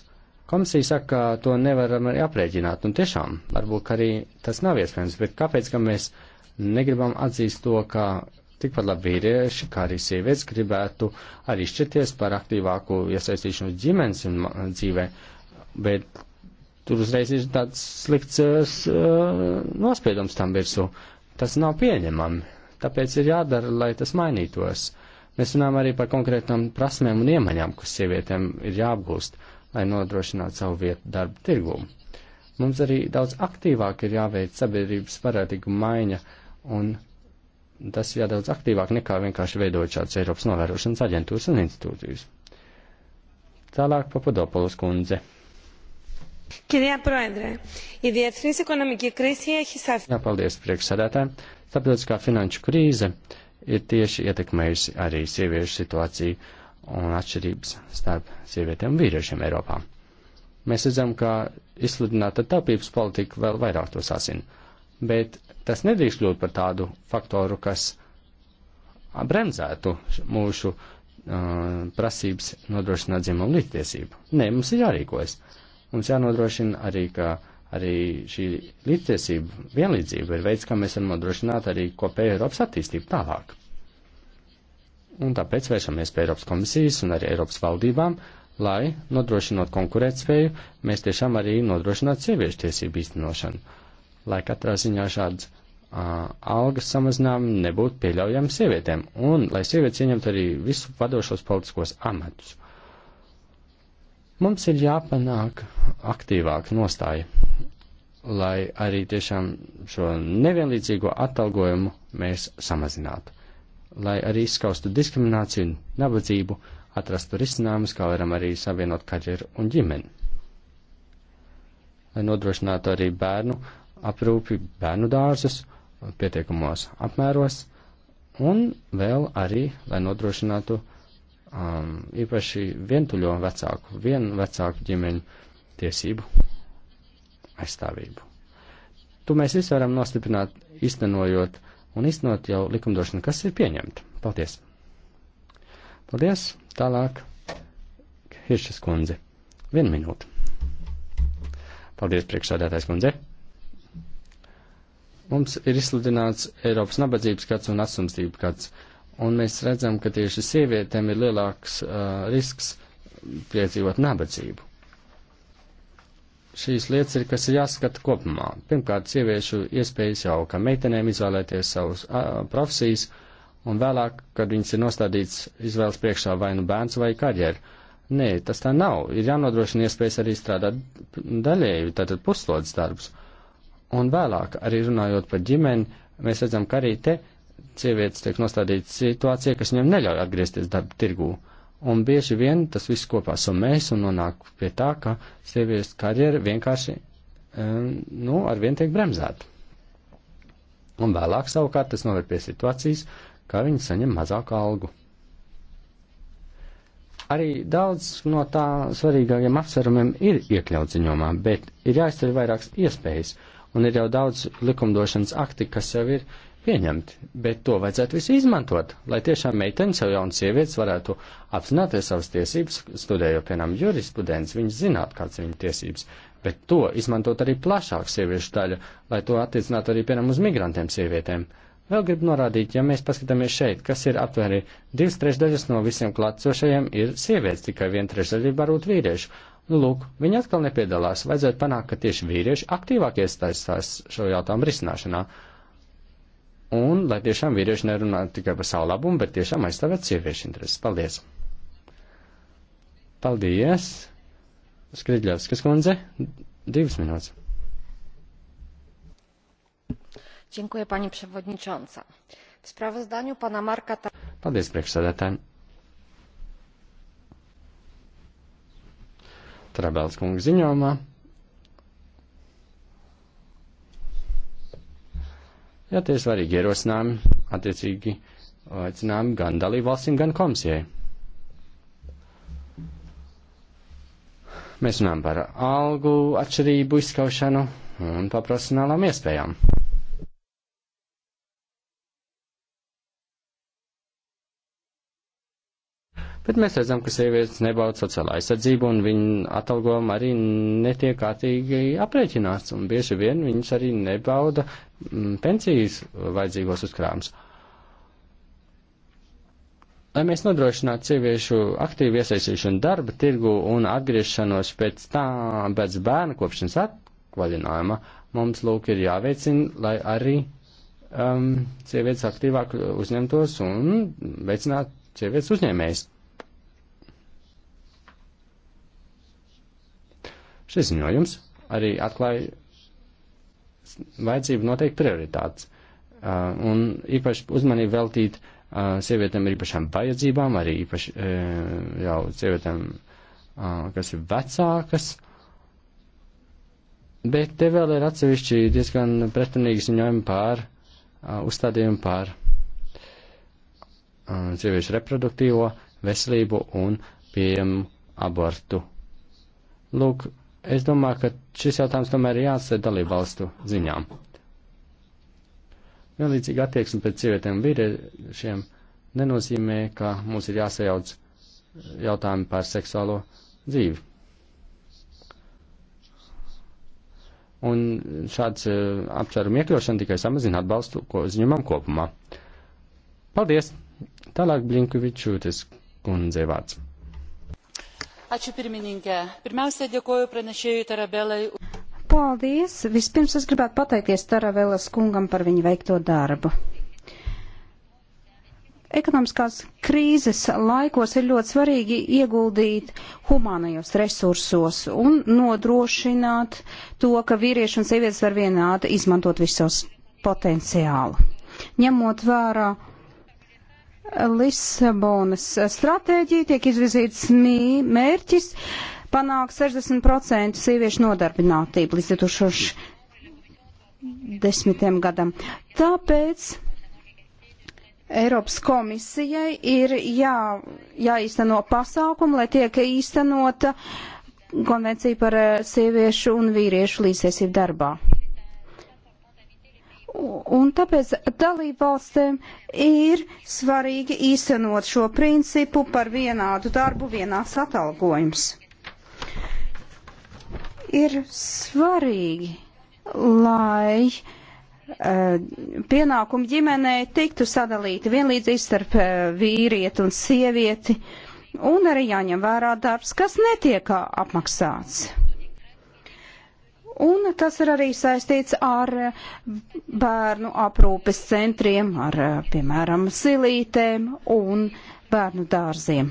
Komisija saka, ka to nevaram arī aprēķināt, un tiešām, varbūt arī tas nav iespējams, bet kāpēc, ka mēs negribam atzīst to, ka Tikpat labi vīrieši, kā arī sievietes gribētu arī šķirties par aktīvāku iesaistīšanos ģimenes dzīvē, bet tur uzreiz ir tāds slikts uh, nospiedums tam virsū. Tas nav pieņemami, tāpēc ir jādara, lai tas mainītos. Mēs runājam arī par konkrētām prasmēm un iemaņām, kas sievietēm ir jāapgūst, lai nodrošinātu savu vietu darba tirgumu. Mums arī daudz aktīvāk ir jāveic sabiedrības paradigma maiņa un Tas ir jādara daudz aktīvāk nekā vienkārši veidot šādas Eiropas novērošanas aģentūras un institūcijas. Tālāk Papadopoulos kundze. Κυρία Πρόεδρε, η διεθνής οικονομική κρίση έχει σαφ... Jā, paldies, priekšsēdētāji. Starptautiskā finanšu krīze ir tieši ietekmējusi arī sieviešu situāciju un atšķirības starp sievietēm un vīriešiem Eiropā. Mēs redzam, ka izsludināta taupības politika vēl vairāk to sasina, bet Tas nedrīkst kļūt par tādu faktoru, kas bremzētu mūsu uh, prasības nodrošināt dzimumu līdztiesību. Nē, mums ir jārīkojas. Mums jānodrošina arī, ka arī šī līdztiesība, vienlīdzība ir veids, kā mēs varam nodrošināt arī kopēju Eiropas attīstību tālāk. Un tāpēc vēršamies pie Eiropas komisijas un arī Eiropas valdībām, lai nodrošinot konkurētspēju, mēs tiešām arī nodrošinātu sieviešu tiesību īstenošanu lai katrā ziņā šāds uh, algas samazinājumi nebūtu pieļaujami sievietēm un lai sievietes ieņemtu arī visu vadošos politiskos amatus. Mums ir jāpanāk aktīvāka nostāja, lai arī tiešām šo nevienlīdzīgo atalgojumu mēs samazinātu, lai arī izskaustu diskrimināciju un nabadzību, atrastu risinājumus, kā varam arī savienot karjeru un ģimeni, lai nodrošinātu arī bērnu uh, aprūpi bērnu dārzus pietiekamos apmēros un vēl arī, lai nodrošinātu um, īpaši vientuļo vecāku, vienu vecāku ģimeņu tiesību aizstāvību. To mēs visi varam nostiprināt, iztenojot un iznot jau likumdošanu, kas ir pieņemta. Paldies! Paldies! Tālāk Hiršas kundze. Vienu minūti. Paldies, priekšsādātais kundze! Mums ir izsludināts Eiropas nabadzības gads un atstumstības gads, un mēs redzam, ka tieši sievietēm ir lielāks uh, risks piedzīvot nabadzību. Šīs lietas ir, kas ir jāskata kopumā. Pirmkārt, sieviešu iespējas jau, ka meitenēm izvēlēties savus uh, profesijas, un vēlāk, kad viņas ir nostādīts izvēles priekšā vai nu bērns vai karjeru. Nē, tas tā nav. Ir jānodrošina iespējas arī strādāt daļēji, tātad puslodes darbus. Un vēlāk, arī runājot par ģimeni, mēs redzam, ka arī te sievietes tiek nostādītas situācija, kas viņam neļauj atgriezties darba tirgū. Un bieži vien tas viss kopā sumējas un nonāk pie tā, ka sievietes karjera vienkārši, nu, arvien tiek bremzēta. Un vēlāk savukārt tas noved pie situācijas, ka viņi saņem mazāku algu. Arī daudz no tā svarīgākiem apsvērumiem ir iekļauts ziņomā, bet ir jāizceļ vairākas iespējas, uh, un ir jau daudz likumdošanas akti, kas jau ir pieņemti, bet to vajadzētu visu izmantot, lai tiešām meitenes jau jaunas sievietes varētu apzināties savas tiesības, studējot, piemēram, jurisprudents, viņas zinātu, kāds ir viņas tiesības, bet to izmantot arī plašāk sieviešu daļa, lai to attiecinātu arī, piemēram, uz migrantiem sievietēm. Vēl gribu norādīt, ja mēs paskatāmies šeit, kas ir aptuveni divas trešdaļas no visiem klātsošajiem ir sievietes, tikai viena trešdaļa ir varbūt vīriešu. Nu, lūk, viņi atkal nepiedalās. Vajadzētu panākt, ka tieši vīrieši aktīvāk iesaistās šo jautājumu risināšanā. Un lai tiešām vīrieši nerunā tikai par savu labumu, bet tiešām aizstāvēt sieviešu intereses. Paldies! Paldies! Skridļevskas kundze, divas minūtes. Dziękuję pani przewodnicząca. W sprawozdaniu pana Marka. Paldies, priekšsēdētāji. Trabēls kunga ziņojumā. Jā, tie ir svarīgi ierosinājumi, attiecīgi aicinājumi gan dalībvalstīm, gan komisijai. Mēs runājam par algu atšķirību izskaušanu un par profesionālām iespējām. Bet mēs redzam, ka sievietes nebauda sociālā aizsardzību un viņu atalgojumi arī netiek kārtīgi aprēķināts un bieži vien viņas arī nebauda mm, pensijas vajadzīgos uzkrājumus. Lai mēs nodrošinātu sieviešu aktīvu iesaistīšanu darba tirgu un atgriešanos pēc tā, pēc bērnu kopšanas atvaļinājuma, mums lūk ir jāveicina, lai arī um, sievietes aktīvāk uzņemtos un veicinātu sievietes uzņēmējs. Šis ziņojums arī atklāja vajadzību noteikt prioritātes uh, un īpaši uzmanību veltīt uh, sievietēm ar īpašām vajadzībām, arī īpaši uh, jau sievietēm, kas ir vecākas. Bet te vēl ir atsevišķi diezgan pretrunīgi ziņojumi pār uzstādījumu pār sieviešu reproduktīvo veselību un pieejamu abortu. Lūk, Es domāju, ka šis jautājums tomēr ir jāatstāj dalībvalstu ziņām. Vienlīdzīga attieksme pret sievietēm un vīriešiem nenozīmē, ka mums ir jāsajauc jautājumi par seksuālo dzīvi. Un šāds e, apsvērumu iekļaušana tikai samazina atbalstu ko ziņumam kopumā. Paldies! Tālāk Blinkovičūtis kundzei vārds. Pirmiausia, dėkoju pranešėjui Tarabelai. Paldies! Vispirms es gribētu pateikties Tarabelas kungam par viņu veikto darbu. Ekonomiskās krīzes laikos ir ļoti svarīgi ieguldīt humānajos resursos un nodrošināt to, ka vīrieši un sievietes var vienādi izmantot visos potenciālu. Ņemot vērā uh, Lisabonas stratēģija tiek izvizīts mērķis panākt 60% sieviešu nodarbinātību līdz 2010. gadam. Tāpēc Eiropas komisijai ir jā, jāīsteno pasākumu, lai tiek īstenota konvencija par sieviešu un vīriešu līdzsiesību darbā. Un tāpēc dalībvalstēm ir svarīgi īstenot šo principu par vienādu darbu, vienāds atalgojums. Ir svarīgi, lai eh, pienākumu ģimenē tiktu sadalīti vienlīdzīgi starp eh, vīrieti un sievieti, un arī jāņem vērā darbs, kas netiek apmaksāts. Un tas ir arī saistīts ar bērnu aprūpes centriem, ar, piemēram, silītēm un bērnu dārziem.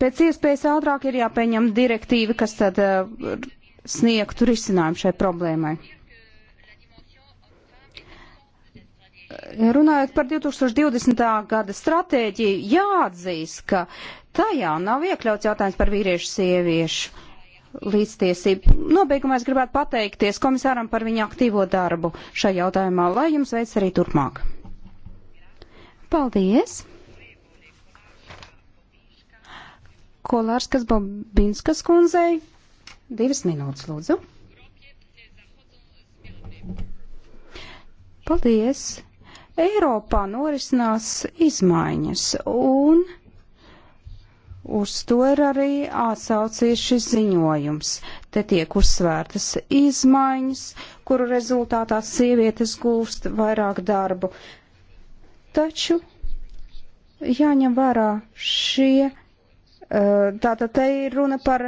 Pēc iespējas ātrāk ir jāpieņem direktīva, kas tad eh, sniegtu risinājumu šai problēmai. Runājot par 2020. gada stratēģiju, jāatzīst, ka tajā nav iekļauts jautājums par vīriešu sieviešu līdztiesību. Nobeigumā es gribētu pateikties komisāram par viņa aktīvo darbu šajā jautājumā, lai jums veids arī turpmāk. Paldies! Kolārskas Bobinskas kundzei divas minūtes, lūdzu. Paldies! Eiropā norisinās izmaiņas un Uz to ir arī atsaucies šis ziņojums. Te tiek uzsvērtas izmaiņas, kuru rezultātā sievietes gūst vairāk darbu. Taču jāņem vērā šie Eh, tātad te ir runa par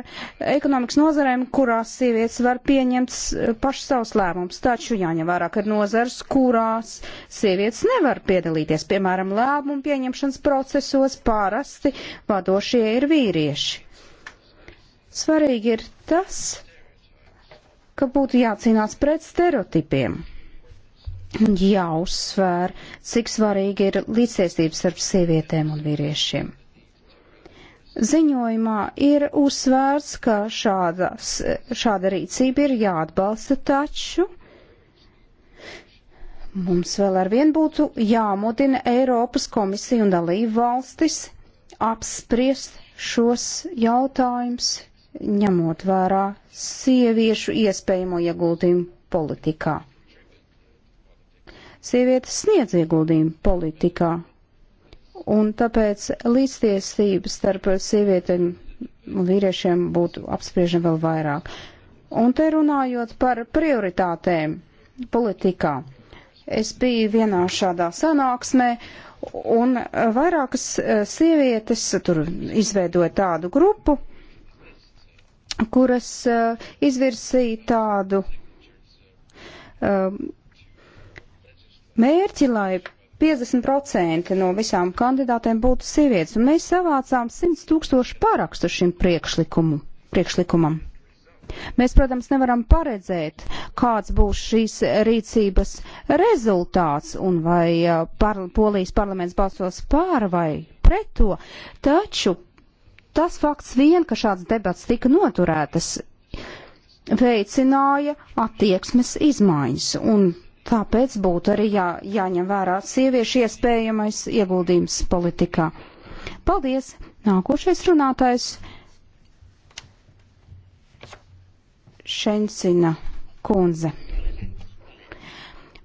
ekonomikas nozarēm, kurās sievietes var pieņemt eh, pašas savus lēmumus. Taču jāņem vērā, ka ir nozars, kurās sievietes nevar piedalīties. Piemēram, lēmumu pieņemšanas procesos parasti vadošie ir vīrieši. Svarīgi ir tas, ka būtu jācīnās pret stereotipiem. Jāuzsvēr, cik svarīgi ir līdztiesības starp sievietēm un vīriešiem. Ziņojumā ir uzsvērts, ka šādas, šāda rīcība ir jāatbalsta taču. Mums vēl ar vien būtu jāmudina Eiropas komisija un dalību valstis apspriest šos jautājumus, ņemot vērā sieviešu iespējamo ieguldījumu politikā. Sievietes sniedz ieguldījumu politikā, Un tāpēc līdztiesības starp sievietēm un vīriešiem būtu apspriežama vēl vairāk. Un te runājot par prioritātēm politikā. Es biju vienā šādā sanāksmē, un vairākas eh, sievietes tur izveidoja tādu grupu, kuras eh, izvirsīja tādu eh, mērķi, lai 50% no visām kandidātēm būtu sievietes, un mēs savācām 100 tūkstošu parakstu šim priekšlikumu, priekšlikumam. Mēs, protams, nevaram paredzēt, kāds būs šīs rīcības rezultāts un vai uh, par, polijas parlaments balsos pār vai pret to, taču tas fakts vien, ka šāds debats tika noturētas, veicināja attieksmes izmaiņas un Tāpēc būtu arī jā, jāņem vērā sieviešu iespējamais ieguldījums politikā. Paldies! Nākošais runātājs Šencina kundze.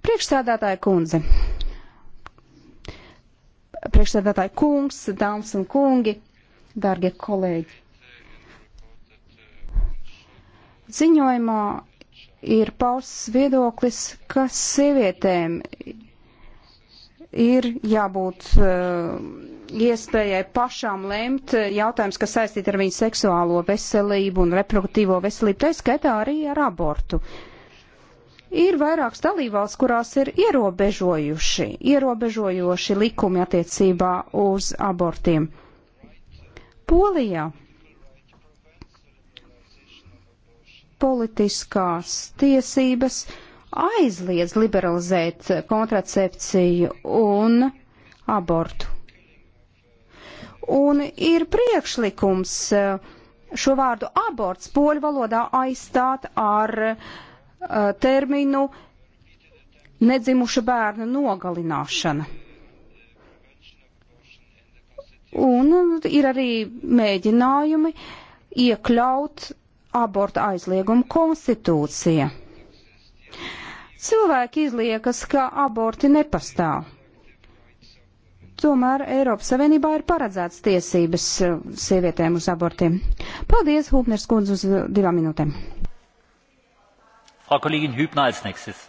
Priekšsēdētāja kundze. Priekšsēdētāja kungs, dāmas un kungi, dārgie kolēģi. Ziņojumā ir pausts viedoklis, ka sievietēm ir jābūt uh, iespējai pašām lemt eh, jautājums, kas saistīti ar viņu seksuālo veselību un reproduktīvo veselību, tā skaitā arī ar abortu. Ir vairākas dalībvalsts, kurās ir ierobežojuši, ierobežojoši likumi attiecībā uz abortiem. Polijā politiskās tiesības aizliedz liberalizēt kontracepciju un abortu. Un ir priekšlikums eh, šo vārdu aborts poļu valodā aizstāt ar uh, terminu nedzimuša bērna nogalināšana. Un ir arī mēģinājumi iekļaut aborta aizliegumu konstitūcija. Cilvēki izliekas, ka aborti nepastāv. Tomēr Eiropas Savienībā ir paredzēts tiesības eh, sievietēm uz abortiem. Paldies, Hūpners kundze, uz divām minūtēm. Frau Kollegin Hübner als nächstes.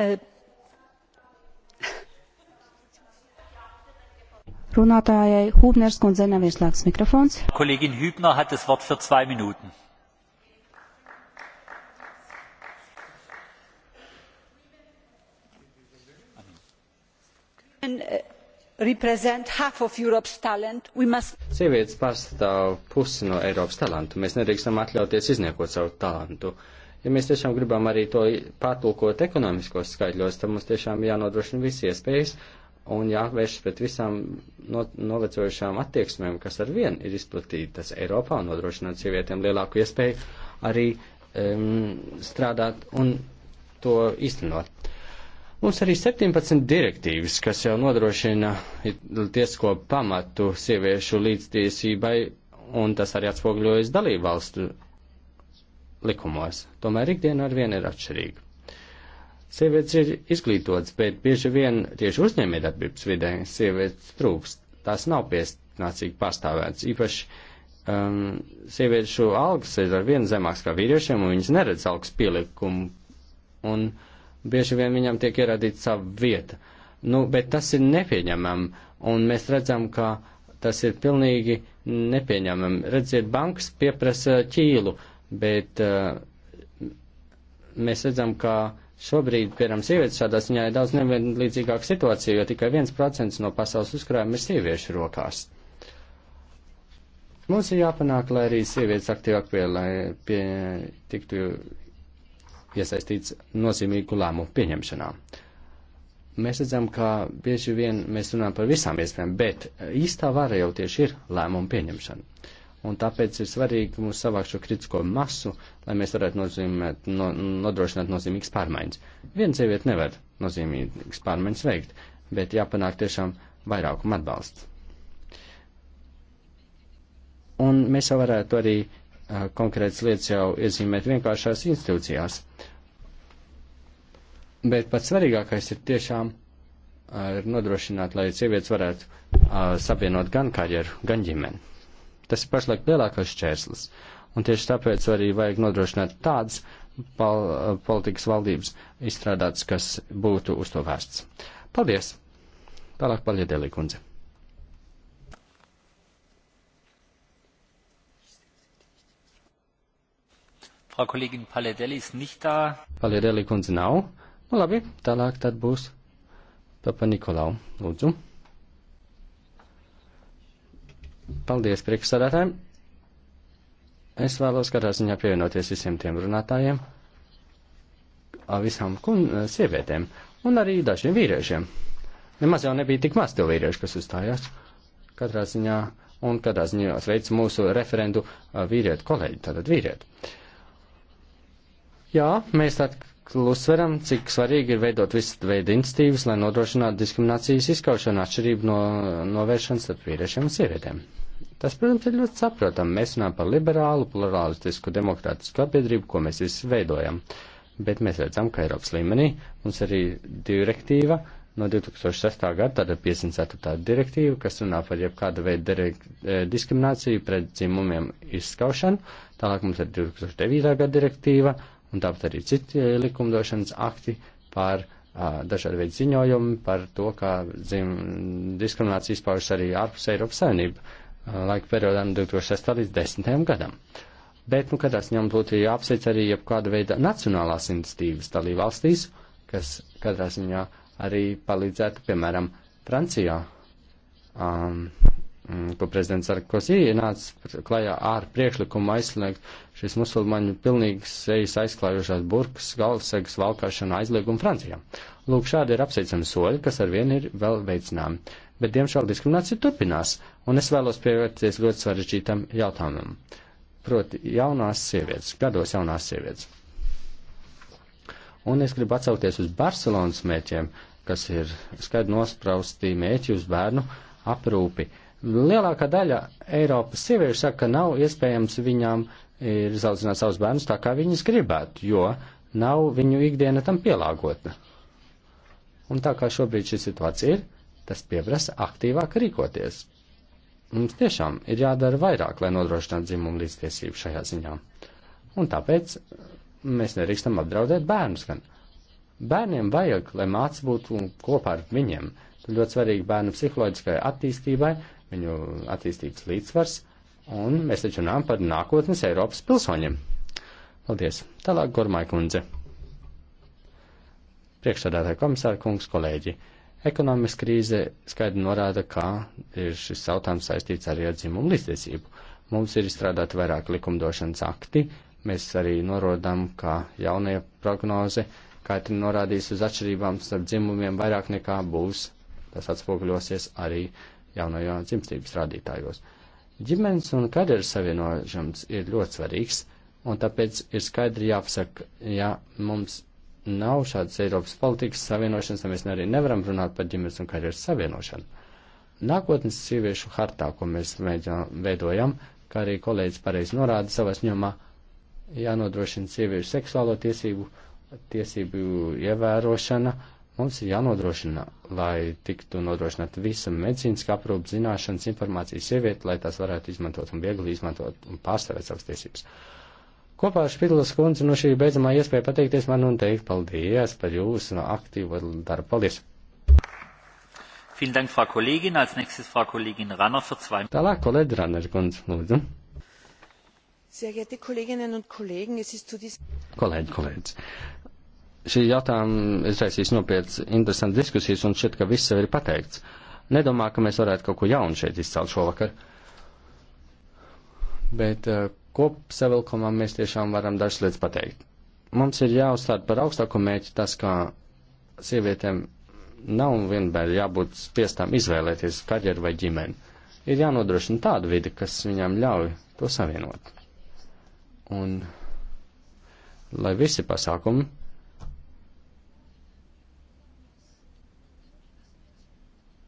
Äh, runātājai Hūbners kundze nav ieslēgts mikrofons. Kolēģin Hūbner hat das Wort für zwei Minuten. Uh, represent half of Europe's talent, we must. Sievietes pārstāv pusi no Eiropas talantu. Mēs nedrīkstam atļauties izniekot savu talantu. Ja mēs tiešām gribam arī to pārtulkot ekonomiskos skaidļos, tad mums tiešām jānodrošina visi iespējas, un jāvēršas pret visām no, novecojušām attieksmēm, kas ar vienu ir izplatītas Eiropā un nodrošināt sievietēm lielāku iespēju arī um, strādāt un to īstenot. Mums arī 17 direktīvas, kas jau nodrošina tiesko pamatu sieviešu līdztiesībai, un tas arī atspogļojas dalībvalstu likumos. Tomēr ikdiena ar vienu ir atšķirīga. Sievietes ir izglītotas, bet bieži vien tieši uzņēmējdarbības vidē sievietes trūkst. Tās nav piesnācīgi pārstāvētas. Īpaši um, sieviešu algas ir ar vienu zemāks kā vīriešiem, un viņas neredz algas pielikumu. Un bieži vien viņam tiek ierādīta sava vieta. Nu, bet tas ir nepieņemam, un mēs redzam, ka tas ir pilnīgi nepieņemam. Redziet, bankas pieprasa ķīlu, bet uh, mēs redzam, ka Šobrīd, piemēram, sievietes šādā ziņā ir daudz nevienlīdzīgāka situācija, jo tikai 1% no pasaules uzkrājuma ir sieviešu rokās. Mums ir jāpanāk, lai arī sievietes aktīvāk pie, lai pie tiktu iesaistīts nozīmīgu lēmumu pieņemšanā. Mēs redzam, ka bieži vien mēs runājam par visām iespējām, bet īstā vara jau tieši ir lēmumu pieņemšana. Un tāpēc ir svarīgi mums savākt šo kritisko masu, lai mēs varētu nozīmēt, no, nodrošināt nozīmīgas pārmaiņas. Viena sieviete nevar nozīmīgas pārmaiņas veikt, bet jāpanāk tiešām vairākuma atbalsts. Un mēs jau varētu arī uh, konkrētas lietas jau iezīmēt vienkāršās institūcijās. Bet pats svarīgākais ir tiešām uh, nodrošināt, lai sievietes varētu uh, savienot gan karjeru, gan ģimeni. Tas ir pašlaik lielākais šķērslis. Un tieši tāpēc arī vajag nodrošināt tādas pol politikas valdības izstrādātas, kas būtu uz to vērsts. Paldies! Tālāk paļiedēlī kundze. Frau Kollegin Paledelli ist nicht da. Paledelli kundze nav. Nu labi, tālāk tad būs Papa Nikolau. Lūdzu. Paldies priekšsādātājiem. Es vēlos katrā ziņā pievienoties visiem tiem runātājiem, visām kun, sievietēm un arī dažiem vīriešiem. Nemaz jau nebija tik maz tie vīrieši, kas uzstājās. Katrā ziņā un katrā ziņā sveicu mūsu referendu vīrietu kolēģi, tātad vīrietu. Jā, mēs tad uzsveram, cik svarīgi ir veidot visu veidu institīvas, lai nodrošinātu diskriminācijas izkaušanu atšķirību no novēršanas starp vīriešiem un sievietēm. Tas, protams, ir ļoti saprotami. Mēs runājam par liberālu, plurālistisku, demokrātisku sabiedrību, ko mēs visi veidojam. Bet mēs redzam, ka Eiropas līmenī mums arī direktīva no 2006. gada, tāda 54. direktīva, kas runā par jebkādu veidu eh, diskrimināciju pret dzimumiem izskaušanu. Tālāk mums ir 2009. gada direktīva un tāpat arī citi likumdošanas akti par dažādu veidu ziņojumu par to, kā dzim, diskriminācija izpaužas arī ārpus Eiropas Savienību laika periodām 2006 līdz 10. gadam. Bet, nu, kādās ņem būtu jāapsveic arī jebkāda veida nacionālās iniciatīvas dalība valstīs, kas katrā ziņā arī palīdzētu, piemēram, Francijā um, Mm, ko prezidents Sarkozy ienāca klajā ar priekšlikumu aizliegt šīs musulmaņu pilnīgi sejas aizklājušās burkas, galvasegas valkāšanu aizliegumu Francijā. Lūk, šādi ir apsveicami soļi, kas ar vienu ir vēl veicināmi. Bet, diemžēl, diskriminācija turpinās, un es vēlos pievērties ļoti sarežģītam jautājumam. Proti, jaunās sievietes, gados jaunās sievietes. Un es gribu atsaukties uz Barcelonas mēķiem, kas ir skaidri nospraustī mēķi uz bērnu aprūpi. Uh, Lielākā daļa Eiropas sieviešu saka, ka nav iespējams viņām ir e, zaudzināt savus bērnus tā, kā viņas gribētu, jo nav viņu ikdiena tam pielāgota. Un tā kā šobrīd šī situācija ir, tas pieprasa aktīvāk rīkoties. Mums tiešām ir jādara vairāk, lai nodrošinātu dzimumu līdztiesību šajā ziņā. Un tāpēc mēs nerīkstam apdraudēt bērnus gan. Bērniem vajag, lai māca būtu kopā ar viņiem. Tad ļoti svarīgi bērnu psiholoģiskai attīstībai, viņu attīstības līdzsvars, un mēs taču runājam par nākotnes Eiropas pilsoņiem. Paldies! Tālāk Gormai kundze. Priekšsādātāja komisāra kungs, kolēģi. Ekonomiskā krīze skaidri norāda, ka ir šis jautājums saistīts arī ar dzimumu līdztiesību. Mums ir izstrādāti vairāk likumdošanas akti, mēs arī norodam, ka jaunie prognoze kaitri norādīs uz atšķirībām starp dzimumiem vairāk nekā būs. Tas atspoguļosies arī uh, jaunajā dzimstības rādītājos. Ģimenes un karjeras savienojums ir ļoti svarīgs, un tāpēc ir skaidri jāpasaka, ja mums nav šādas Eiropas politikas savienošanas, tad mēs arī nevaram runāt par ģimenes un karjeras savienošanu. Nākotnes sieviešu hartā, ko mēs veidojam, kā arī kolēģis pareizi norāda savas ņemā, jānodrošina sieviešu seksuālo tiesību, tiesību ievērošana, uh, Mums ir jānodrošina, lai tiktu nodrošināta visa medicīniskā aprūpa, zināšanas, informācija sieviete, lai tās varētu izmantot un viegli izmantot un pārstāvēt savas tiesības. Kopā ar Špidlas kundzi no šī beidzamā iespēja pateikties man un teikt paldies par jūsu no aktīvu darbu. Paldies! Dank, Frau Kollegin. Als nächstes Frau Kollegin Ranner für zwei Minuten. Tālāk, kolēģi Ranner, kundze, lūdzu. Sehr geehrte Kolleginnen und Kollegen, es ist zu diesem... Kolēģi, kolēģi šī jautājuma izraisīs nopietnas interesantas diskusijas, un šķiet, ka viss jau ir pateikts. Nedomā, ka mēs varētu kaut ko jaunu šeit izcelt šovakar. Bet eh, kopsavilkumā mēs tiešām varam dažas lietas pateikt. Mums ir jāuzstāda par augstāko mērķi tas, ka sievietēm nav vienmēr jābūt spiestām izvēlēties karjeru vai ģimeni. Ir jānodrošina tāda vide, kas viņām ļauj to savienot. Un lai visi pasākumi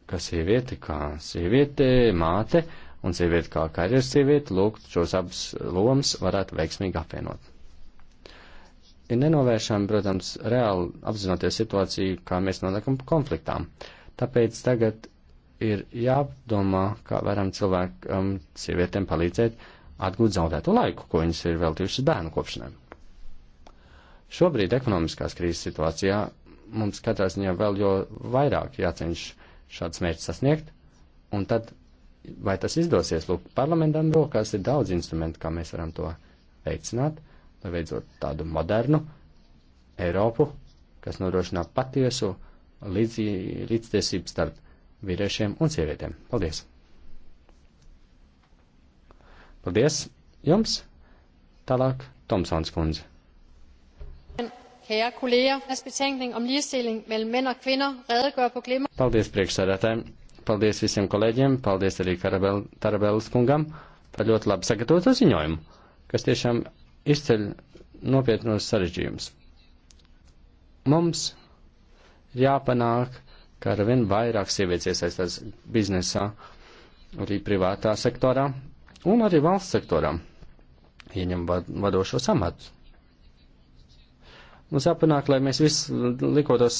ka sieviete kā sieviete, māte un sieviete kā karjeras sieviete, lūk, šos abus lomas varētu veiksmīgi apvienot. Ir nenovēršami, protams, reāli apzinoties situāciju, kā mēs nonākam konfliktām. Tāpēc tagad ir jādomā, kā varam cilvēkam, sievietēm palīdzēt atgūt zaudēto laiku, ko viņas ir veltījušas bērnu kopšanai. Šobrīd ekonomiskās krīzes situācijā mums katrā ziņā vēl jo vairāk jācenšas šādus mērķus sasniegt, un tad vai tas izdosies, lūk, parlamentam rokās ir daudz instrumentu, kā mēs varam to veicināt, lai veidot tādu modernu Eiropu, kas nodrošinā patiesu līdz, līdztiesību starp vīriešiem un sievietēm. Paldies! Paldies jums! Tālāk Tomsons kundze kære kolleger, betænkning om ligestilling mellem mænd og kvinder redegør på glimmer. Paldies priekšsēdētājiem, paldies visiem kolēģiem, paldies arī Karabel, Tarabels kungam par ļoti labi sagatavotu ziņojumu, kas tiešām izceļ nopietnos sarežģījumus. Mums jāpanāk, ka ar vien vairāk sievietes iesaistās biznesā, arī privātā sektorā un arī valsts sektorā, ieņem vadošos amatus. Mums jāpanāk, lai mēs visi likotos,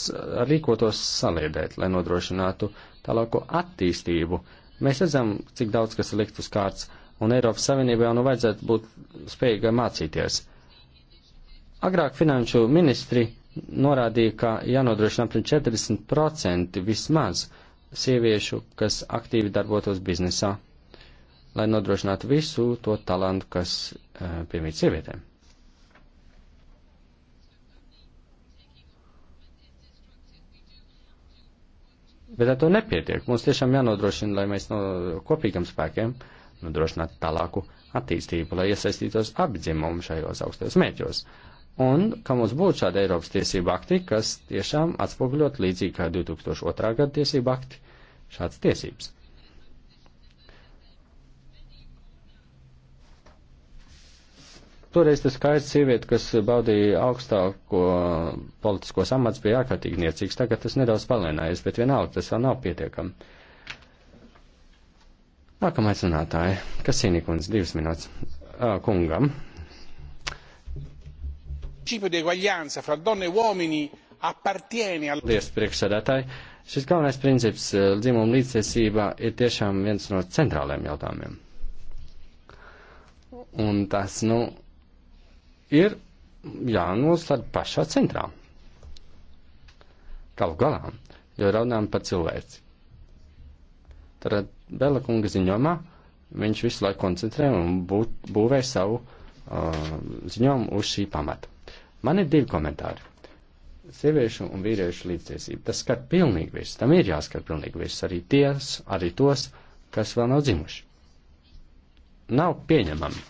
rīkotos saliedēt, lai nodrošinātu tālāko attīstību. Mēs redzam, cik daudz kas ir likt uz kārts, un Eiropas Savienībā jau nu vajadzētu būt spējīgai mācīties. Agrāk finanšu ministri norādīja, ka jānodrošina apmēram 40% vismaz sieviešu, kas aktīvi darbotos biznesā, lai nodrošinātu visu to talantu, kas eh, piemīt sievietēm. Bet ar to nepietiek. Mums tiešām jānodrošina, lai mēs no kopīgiem spēkiem nodrošinātu tālāku attīstību, lai iesaistītos abi dzimumi šajos augstos mērķos. Un ka mums būtu šāda Eiropas tiesība akti, kas tiešām atspoguļot līdzīgi kā 2002. gada tiesība akti šāds tiesības. Toreiz tas skaits sieviete, kas baudīja augstāko politiskos amats, bija ārkārtīgi niecīgs. Tagad tas nedaudz palēnājies, bet vienalga tas vēl nav pietiekami. Nākamais runātāja, kas cīnīkums divas minūtes uh, kungam. E Paldies, priekšsēdētāji. Šis galvenais princips dzimuma līdztiesībā ir tiešām viens no centrālajiem jautājumiem. Un tas, nu, ir jānoslēdz pašā centrā. Galu galā, jo runājam par cilvēci. Tad Bela kunga ziņojumā viņš visu laiku koncentrē un būt, būvē savu uh, ziņojumu uz šī pamata. Man ir divi komentāri. Sieviešu un vīriešu līdztiesība. Tas skar pilnīgi visus. Tam ir jāskar pilnīgi visus. Arī ties, arī tos, kas vēl nav dzimuši. Nav pieņemami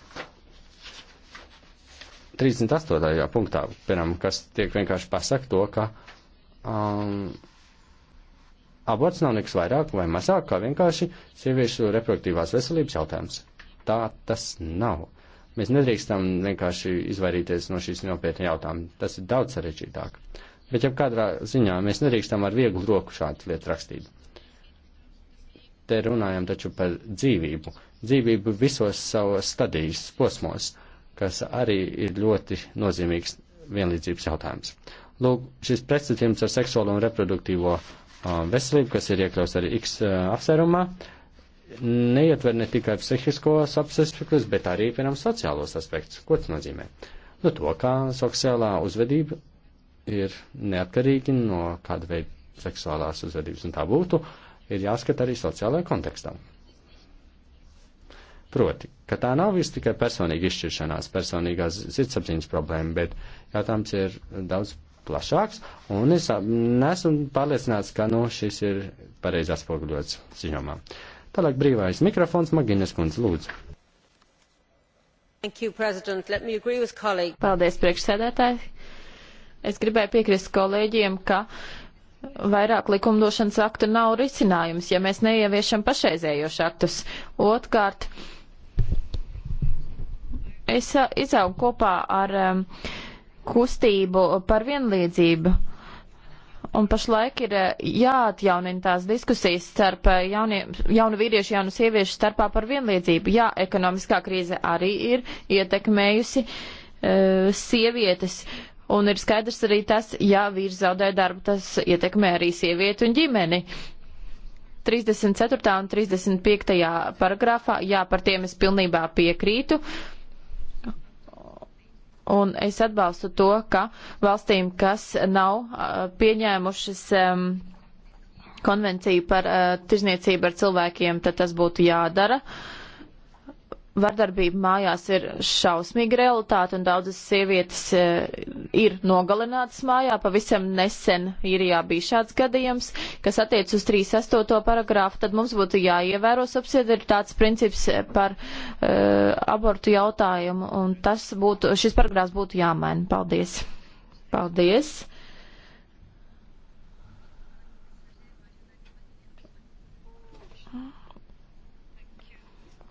38. punktā, piemēram, kas tiek vienkārši pasakt to, ka um, aborts nav nekas vairāk vai mazāk kā vienkārši sieviešu reproduktīvās veselības jautājums. Tā tas nav. Mēs nedrīkstam vienkārši izvairīties no šīs nopietna jautājuma. Tas ir daudz sarežģītāk. Bet jau kādā ziņā mēs nedrīkstam ar vieglu roku šādu lietu rakstīt. Te runājam taču par dzīvību. Dzīvību visos savos stadijas posmos. Uh, kas arī ir ļoti nozīmīgs vienlīdzības jautājums. Lūk, šis pretstatījums ar seksuālo un reproduktīvo uh, veselību, kas ir iekļauts arī X uh, apsvērumā, neietver ne tikai psihiskos apsvērums, bet arī, piemēram, sociālos aspektus. Ko tas nozīmē? Nu, to, kā seksuālā uzvedība ir neatkarīgi no kāda veida seksuālās uzvedības, un tā būtu, ir jāskat arī sociālajā kontekstā. Proti, ka tā nav viss tikai personīga izšķiršanās, personīgās sirdsapziņas problēma, bet jautājums ir daudz plašāks, un es nesmu pārliecināts, ka nu, šis ir pareizi atspoguļots ziņomā. Tālāk brīvais mikrofons Magines kundze lūdzu. You, Paldies, priekšsēdētāji. Es gribēju piekrist kolēģiem, ka vairāk likumdošanas aktu nav risinājums, ja mēs neieviešam pašreizējošus aktus. Otkārt, uh, Es uh, izaugu kopā ar um, kustību par vienlīdzību. Un pašlaik ir uh, jāatjaunina tās diskusijas starp uh, jauniem, jaunu vīriešu, jaunu sieviešu starpā par vienlīdzību. Jā, ekonomiskā krīze arī ir ietekmējusi uh, sievietes. Un ir skaidrs arī tas, ja vīrs zaudē darbu, tas ietekmē arī sievieti un ģimeni. 34. un 35. paragrāfā, jā, par tiem es pilnībā piekrītu. Uh, Un es atbalstu to, ka valstīm, kas nav uh, pieņēmušas um, konvenciju par uh, tirzniecību ar cilvēkiem, tad tas būtu jādara. Uh, Vardarbība mājās ir šausmīga realitāte, un daudzas sievietes e, ir nogalinātas mājā. Pavisam nesen īrijā bija šāds gadījums, kas attiec uz 38. paragrāfu. Tad mums būtu jāievēro subsidiaritātes princips par uh, abortu jautājumu, un tas būtu, šis paragrāfs būtu jāmaina. Paldies! Paldies!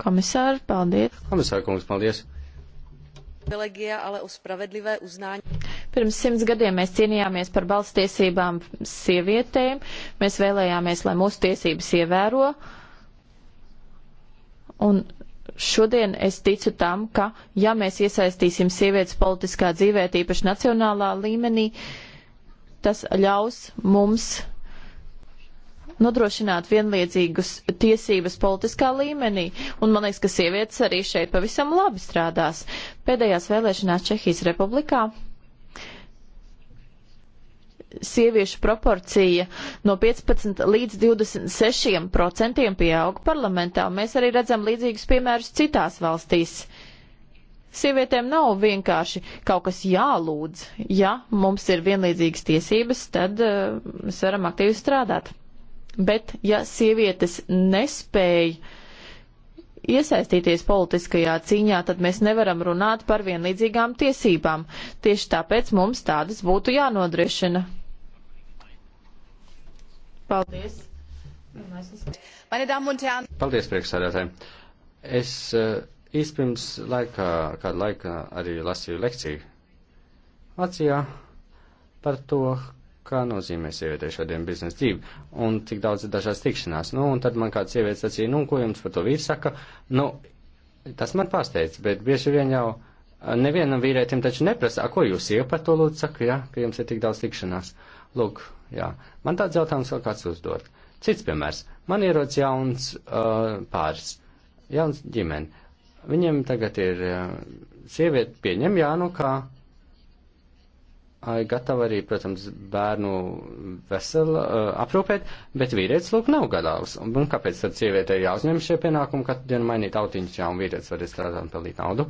Komisāri, paldies! Komisāri, kungs, paldies! Pirms simts gadiem mēs cīnījāmies par balsts tiesībām sievietēm. Mēs vēlējāmies, lai mūsu tiesības ievēro. Un šodien es ticu tam, ka ja mēs iesaistīsim sievietes politiskā dzīvē, tīpaši nacionālā līmenī, tas ļaus mums nodrošināt vienlīdzīgus tiesības politiskā līmenī, un man liekas, ka sievietes arī šeit pavisam labi strādās. Pēdējās vēlēšanās Čehijas republikā sieviešu proporcija no 15 līdz 26 procentiem pieauga parlamentā, un mēs arī redzam līdzīgus piemērus citās valstīs. Sievietēm nav vienkārši kaut kas jālūdz. Ja mums ir vienlīdzīgas tiesības, tad uh, mēs varam aktīvi strādāt. Bet, ja sievietes nespēja iesaistīties politiskajā cīņā, tad mēs nevaram runāt par vienlīdzīgām tiesībām. Tieši tāpēc mums tādas būtu jānodriešina. Paldies! Paldies, priekšsādātāji! Es eh, īspirms laikā, kādu laiku arī lasīju lekciju Vācijā par to, kā nozīmē sievietē šodien biznesa dzīve, un cik daudz ir dažās tikšanās. Nu, un tad man kāds sievietes sacīja, nu, ko jums par to vīrs saka, nu, tas man pārsteidz, bet bieži vien jau eh, nevienam vīrietim taču neprasa, a, ko jūs sieva par to lūdzu saka, jā, ka jums ir tik daudz tikšanās. Lūk, jā, man tāds jautājums vēl kāds uzdod. Cits piemērs, man ierodas jauns uh, pāris, jauns ģimene. Viņiem tagad ir uh, sieviete pieņem, jā, nu kā ir gatava arī, protams, bērnu veselu uh, eh, aprūpēt, bet vīrietis, lūk, nav gadāvs. Un, un kāpēc tad sievietei jāuzņem šie pienākumi, kad dienu mainīt autiņus, jā, un vīrietis var strādāt un pelnīt naudu?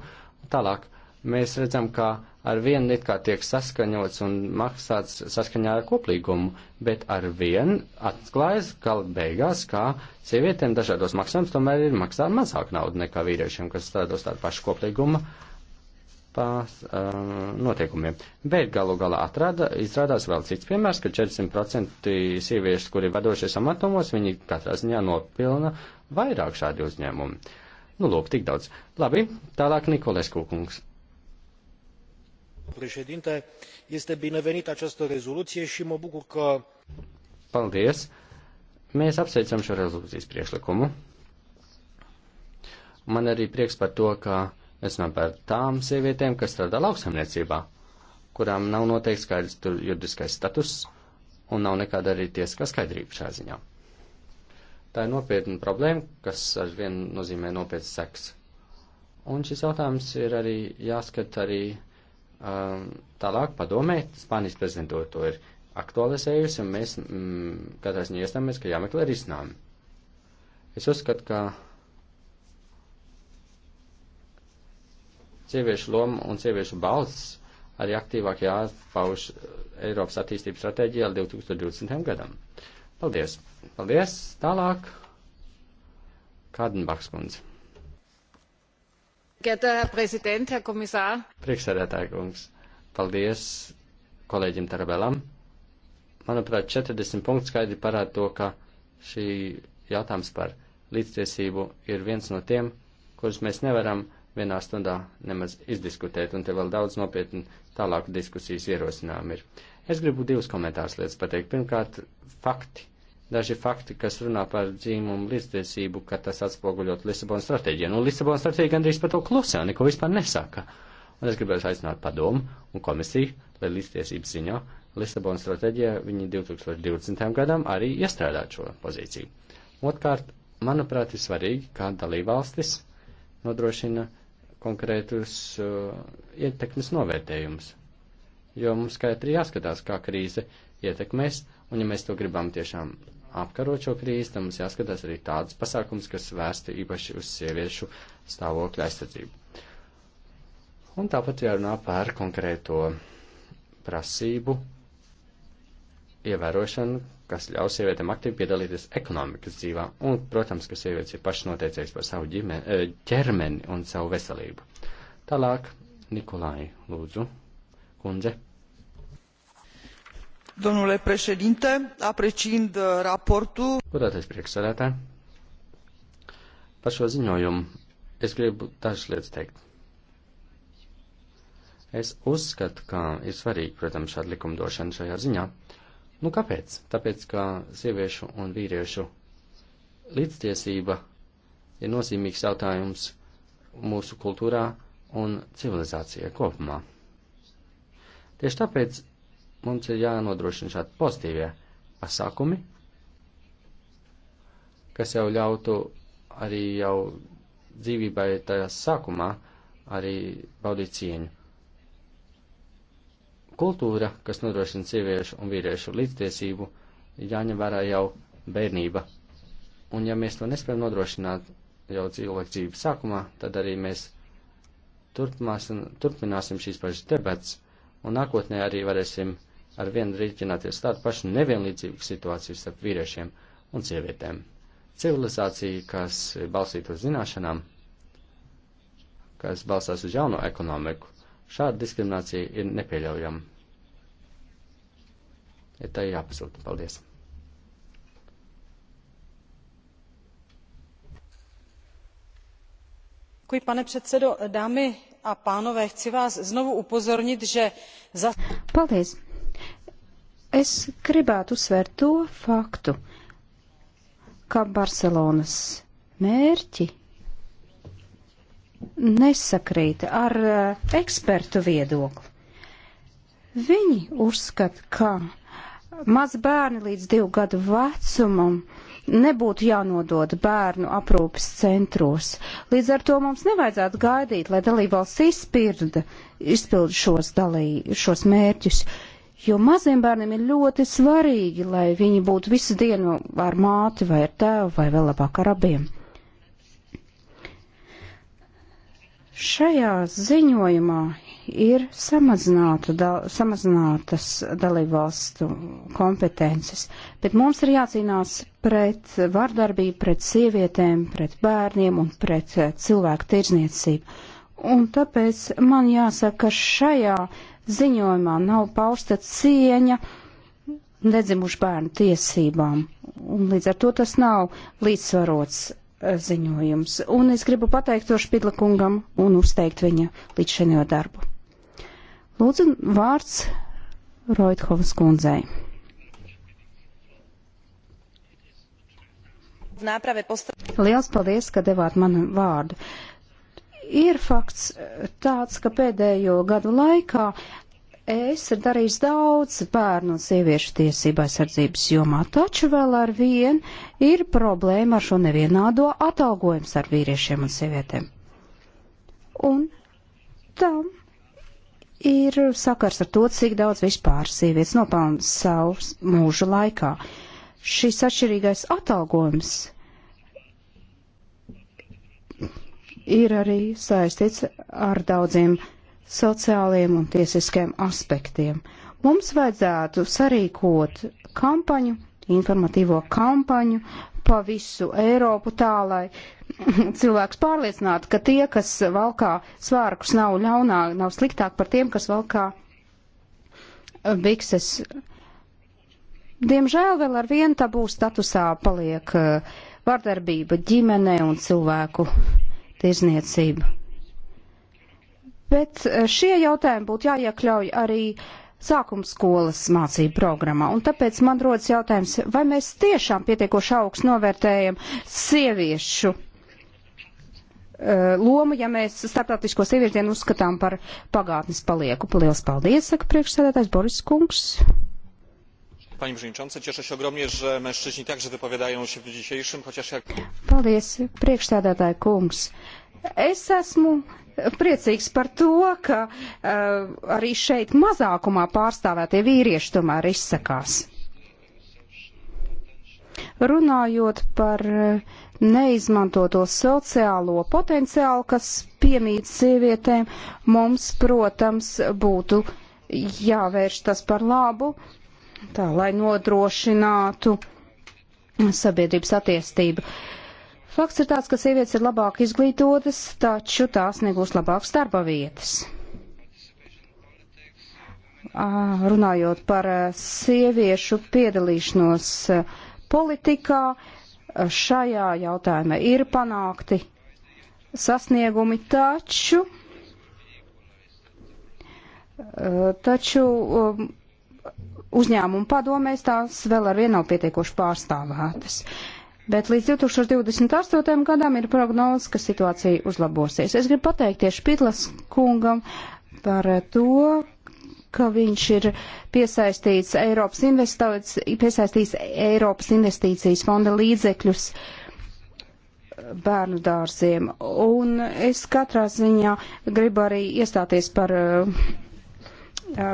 Tālāk mēs redzam, ka ar vienu it kā tiek saskaņots un maksāts saskaņā ar koplīgumu, bet ar vienu atklājas gala beigās, ka sievietēm dažādos maksājums tomēr ir maksā mazāk naudu nekā vīriešiem, kas strādos tādu pašu koplīgumu. Uh, pās uh, noteikumiem. Bet galu galā atrada, izrādās vēl cits piemērs, ka 400% sieviešu, kuri vadošies amatomos, viņi katrā ziņā nopilna vairāk šādi uzņēmumi. Nu, lūk, tik daudz. Labi, tālāk Nikolēs Kūkungs. Președinte, este binevenită această rezoluție și mă bucur că... Paldies! Mēs apsveicam šo rezolūcijas priekšlikumu. Man arī prieks par to, ka uh, Es runāju par tām sievietēm, kas strādā lauksamniecībā, kurām nav noteikts skaidrs juridiskais status un nav nekāda arī tiesiskā skaidrība šajā ziņā. Tā ir nopietna problēma, kas ar vienu nozīmē nopietns seks. Un šis jautājums ir arī jāskat arī um, tālāk padomē. Spānijas prezidentūra to ir aktualizējusi, un mēs mm, katrā ziņā iestāmies, ka jāmeklē risinājumi. Es uzskatu, ka Sieviešu loma un sieviešu balss arī aktīvāk jāpauž eh, Eiropas attīstības stratēģijā 2020. gadam. Paldies! Paldies! Tālāk! Kādenbachs kundze. Gata, prezident, herr komisār. Priekšsēdētāja kungs. Paldies kolēģim Tarabelam. Manuprāt, 40 punkti skaidri parāda to, ka šī jautājums par līdztiesību ir viens no tiem, kurus mēs nevaram vienā stundā nemaz izdiskutēt, un te vēl daudz nopietni tālāku diskusijas ierosinājumu ir. Es gribu divus komentārus lietas pateikt. Pirmkārt, fakti. Daži fakti, kas runā par dzīmumu līdztiesību, ka tas atspoguļot Lisabonas stratēģiju. Nu, Lisabonas stratēģija gandrīz par to klusē, neko vispār nesaka. Un es gribētu aicināt padomu un komisiju, lai līdztiesības ziņā Lisabonas stratēģijā viņi 2020. gadam arī iestrādāt šo pozīciju. Otkārt, manuprāt, ir svarīgi, kā dalībvalstis nodrošina konkrētus uh, ietekmes novērtējumus. Jo mums skaidri jāskatās, kā krīze ietekmēs, un ja mēs to gribam tiešām apkarot šo krīzi, tad mums jāskatās arī tādas pasākums, kas vērsti īpaši uz sieviešu stāvokļa aizsardzību. Un tāpat jārunā par konkrēto prasību ievērošanu, kas ļaus sievietēm aktīvi piedalīties ekonomikas dzīvā, un, protams, ka sievietes ir pašnoteicējas par savu ģimeni, eh, ķermeni un savu veselību. Tālāk, Nikolai, lūdzu, kundze. Domnule președinte, apreciind uh, raportul... Godātais priekšsēdētāji, par šo ziņojumu es gribu dažas lietas teikt. Es uzskatu, ka ir svarīgi, protams, šāda likumdošana šajā ziņā. Uh, Nu, kāpēc? Tāpēc, ka sieviešu un vīriešu līdztiesība ir nozīmīgs jautājums mūsu kultūrā un civilizācijā kopumā. Tieši tāpēc mums ir jānodrošina šādi pozitīvie pasākumi, kas jau ļautu arī jau dzīvībai tajā sākumā arī baudīt cieņu. Kultūra, kas nodrošina sieviešu un vīriešu līdztiesību, jāņem vērā jau bērnība. Un ja mēs to nespējam nodrošināt jau cilvēku dzīves sākumā, tad arī mēs turpināsim šīs pašas debats un nākotnē arī varēsim ar vienu rīķināties tādu pašu nevienlīdzīgu situāciju starp vīriešiem un sievietēm. Civilizācija, kas balstīta uz zināšanām, kas balstās uz jauno ekonomiku, Šāda diskriminācija ir nepieļaujama. Ja tā ir jāpasūta. Paldies! pane předsedo dámy a pánové chci vás znovu upozornit že za. paldies es gribētu uzsvērt to faktu ka barcelonas mērķi nesakrīt ar eh, ekspertu viedokli. Viņi uzskata, ka maz bērni līdz divu gadu vecumam nebūtu jānodod bērnu aprūpes centros. Līdz ar to mums nevajadzētu gaidīt, lai dalībvalsts izpilda, izpilda šos, dalī, šos mērķus, jo maziem bērniem ir ļoti svarīgi, lai viņi būtu visu dienu ar māti vai ar tēvu vai vēl labāk ar abiem. Šajā ziņojumā ir da, samazinātas dalībvalstu kompetences, bet mums ir jācīnās pret vardarbību, pret sievietēm, pret bērniem un pret eh, cilvēku tirzniecību. Un tāpēc man jāsaka, ka šajā ziņojumā nav pausta cieņa nedzimušu bērnu tiesībām, un līdz ar to tas nav līdzsvarots ziņojums. Un es gribu pateikt to Špidla kungam un uzteikt viņa līdz šajā darbu. Lūdzu, vārds Roithovas kundzei. Liels paldies, ka devāt man vārdu. Ir fakts tāds, ka pēdējo gadu laikā es ir darījis daudz bērnu un sieviešu tiesību aizsardzības jomā, taču vēl ar vien ir problēma ar šo nevienādo atalgojumu starp vīriešiem un sievietēm. Un tam ir sakars ar to, cik daudz vispār sievietes nopelna savu mūža laikā. Šis atšķirīgais atalgojums ir arī saistīts ar daudziem sociāliem un tiesiskiem aspektiem. Mums vajadzētu sarīkot kampaņu, informatīvo kampaņu pa visu Eiropu tā, lai <laughs> cilvēks pārliecinātu, ka tie, kas valkā svārkus, nav ļaunāk, nav sliktāk par tiem, kas valkā eh, bikses. Diemžēl vēl ar vienu tabū statusā paliek eh, vardarbība ģimene un cilvēku tirzniecība bet eh, šie jautājumi būtu jāiekļauj arī sākumskolas mācību programmā. Un tāpēc man rodas jautājums, vai mēs tiešām pietiekoši augstu novērtējam sieviešu eh, lomu, ja mēs starptautisko sieviešu dienu uzskatām par pagātnes palieku. Lielas paldies, saka priekšsēdētājs Boris Kungs. Pani Przewodnicząca, cieszę się ogromnie, że mężczyźni także wypowiadają się w dniu dzisiejszym, chociaż jak... Paldies, priekšsēdētāji kungs. Es esmu priecīgs par to, ka uh, arī šeit mazākumā pārstāvētie vīrieši tomēr izsakās. Runājot par eh, neizmantoto sociālo potenciālu, kas piemīt sievietēm, mums, protams, būtu jāvērš tas par labu, tā lai nodrošinātu sabiedrības attiestību. Uh, Fakts ir tāds, ka sievietes ir labāk izglītotas, taču tās negūs labākas darba vietas. Runājot par sieviešu piedalīšanos politikā, šajā jautājumā ir panākti sasniegumi, taču, taču uzņēmumu padomēs tās vēl ar vienu nav pietiekoši pārstāvētas. Uh, Bet līdz 2028. gadam ir prognozes, ka situācija uzlabosies. Es gribu pateikties Špitlas kungam par to, ka viņš ir piesaistīts Eiropas, piesaistīts Eiropas investīcijas fonda līdzekļus bērnu dārziem. Un es katrā ziņā gribu arī iestāties par uh,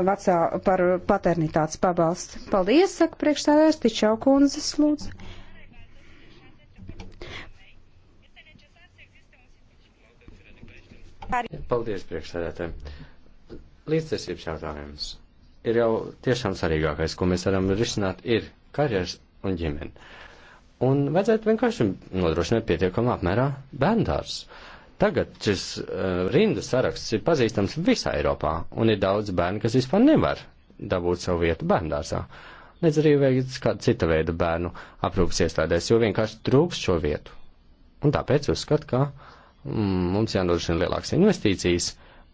vecā, par paternitātes pabalstu. Paldies, saka priekšstādājs Tičau kundzes lūdzu. Paldies, priekšsēdētāji. Līdztiesības jautājums ir jau tiešām svarīgākais, ko mēs varam risināt, ir karjeras un ģimene. Un vajadzētu vienkārši nodrošināt pietiekamā apmērā bērndārs. Tagad šis uh, rindu saraksts ir pazīstams visā Eiropā, un ir daudz bērnu, kas vispār nevar dabūt savu vietu bērndārsā. Nedz arī veids kāda cita veida bērnu aprūpas iestādēs, jo vienkārši trūks šo vietu. Un tāpēc uzskat, ka mums jānodrošina lielākas investīcijas.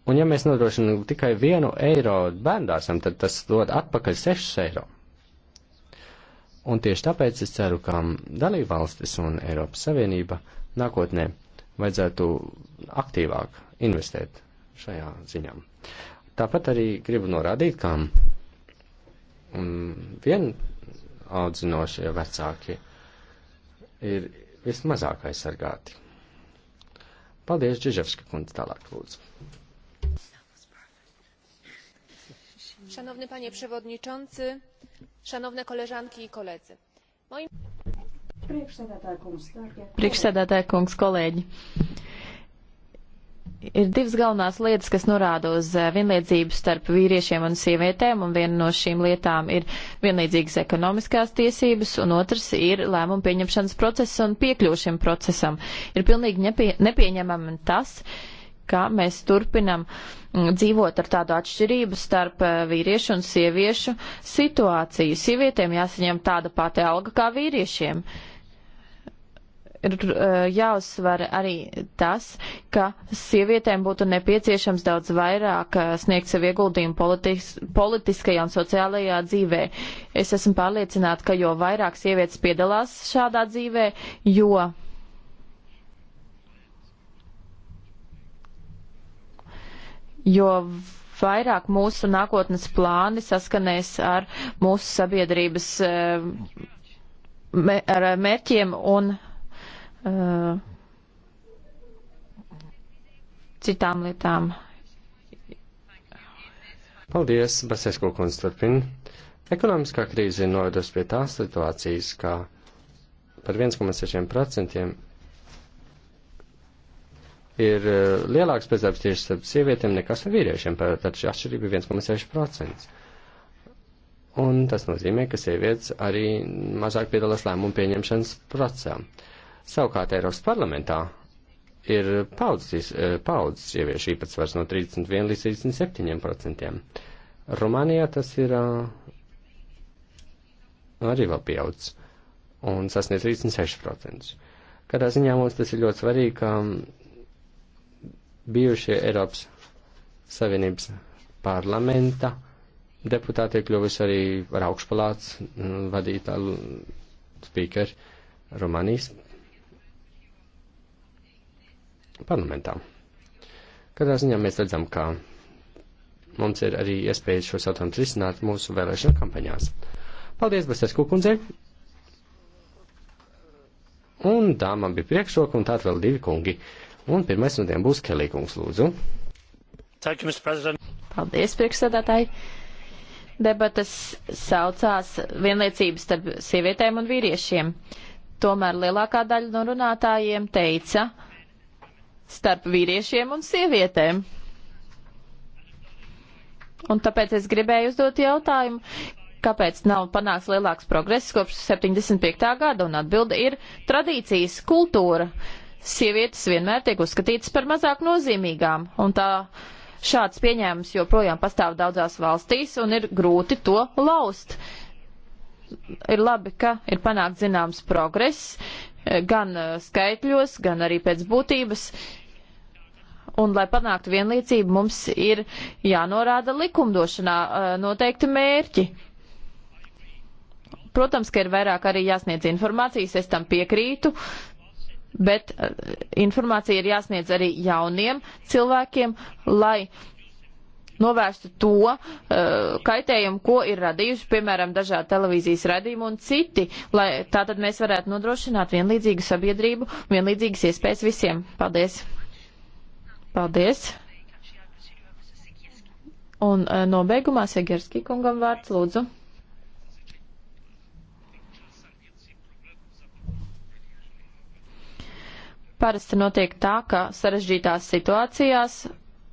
Un ja mēs nodrošinām tikai vienu eiro bērndārsam, tad tas dod atpakaļ 6 eiro. Un tieši tāpēc es ceru, ka dalībvalstis un Eiropas Savienība nākotnē vajadzētu aktīvāk investēt šajā ziņā. Tāpat arī gribu norādīt, ka mm, vien audzinošie vecāki ir vismazāk aizsargāti. Paldies, Džiževska kundze, tālāk lūdzu. Szanowny panie przewodniczący, szanowne koleżanki i koledzy. Moim... Priekšsēdētāja kungs, kolēģi ir divas galvenās lietas, kas norāda uz eh, vienlīdzību starp vīriešiem un sievietēm, un viena no šīm lietām ir vienlīdzīgas ekonomiskās tiesības, un otrs ir lēmumu pieņemšanas process un piekļūšiem procesam. Ir pilnīgi nepie, nepieņemami tas, ka mēs turpinam mm, dzīvot ar tādu atšķirību starp eh, vīriešu un sieviešu situāciju. Sievietēm jāsaņem tāda pati alga kā vīriešiem. Uh, ir uh, jāuzsver arī tas, ka sievietēm būtu nepieciešams daudz vairāk uh, sniegt sev ieguldījumu politis, politiskajā un sociālajā dzīvē. Es esmu pārliecināta, ka jo vairāk sievietes piedalās šādā dzīvē, jo. jo vairāk mūsu nākotnes plāni saskanēs ar mūsu sabiedrības uh, ar mērķiem un Eh, citām lietām. Paldies, Basesko kundze turpina. Ekonomiskā krīze ir novedusi pie tās situācijas, kā par 1,6% ir eh, lielāks bezdarbs tieši starp sievietēm nekā starp vīriešiem, tad šī atšķirība ir 1,6%. Un tas nozīmē, ka sievietes arī mazāk piedalās lēmumu pieņemšanas procesā. Uh, Savukārt Eiropas parlamentā ir paudzes, eh, paudzes sieviešu īpatsvars no 31 līdz 37 procentiem. Rumānijā tas ir eh, arī vēl pieaudz un sasniedz 36%. Kādā ziņā mums tas ir ļoti svarīgi, ka bijušie Eiropas Savienības parlamenta deputāti ir kļuvusi arī par augšpalāts mm, vadītāju spīkeri Rumānijas parlamentā. Katrā ziņā mēs redzam, ka mums ir arī iespēja šos jautājumus risināt mūsu vēlēšana kampaņās. Paldies, Basesku kundzei! Un tā man bija priekšroka, un tātad vēl divi kungi. Un pirmais no tiem būs Kelī kungs, lūdzu. Thank you, Mr. President. Paldies, priekšsēdētāji! Debatas saucās vienlīdzības starp sievietēm un vīriešiem. Tomēr lielākā daļa no runātājiem teica, uh, starp vīriešiem un sievietēm. Un tāpēc es gribēju uzdot jautājumu, kāpēc nav panāks lielāks progress kopš 75. gada, un atbilde ir tradīcijas, kultūra. Sievietes vienmēr tiek uzskatītas par mazāk nozīmīgām, un tā šāds pieņēmums joprojām pastāv daudzās valstīs, un ir grūti to laust. Ir labi, ka ir panākt zināms progress, gan eh, skaitļos, gan arī pēc būtības. Un, lai panāktu vienlīdzību, mums ir jānorāda likumdošanā eh, noteikti mērķi. Protams, ka ir vairāk arī jāsniedz informācijas, es tam piekrītu, bet eh, informācija ir jāsniedz arī jauniem cilvēkiem, lai uh, novērstu to uh, kaitējumu, ko ir radījuši, piemēram, dažādi televīzijas radījumi un citi, lai tātad mēs varētu nodrošināt vienlīdzīgu sabiedrību, vienlīdzīgas iespējas visiem. Paldies! Paldies! Un uh, nobeigumā Segerski kungam vārds lūdzu. Parasti notiek tā, ka sarežģītās situācijās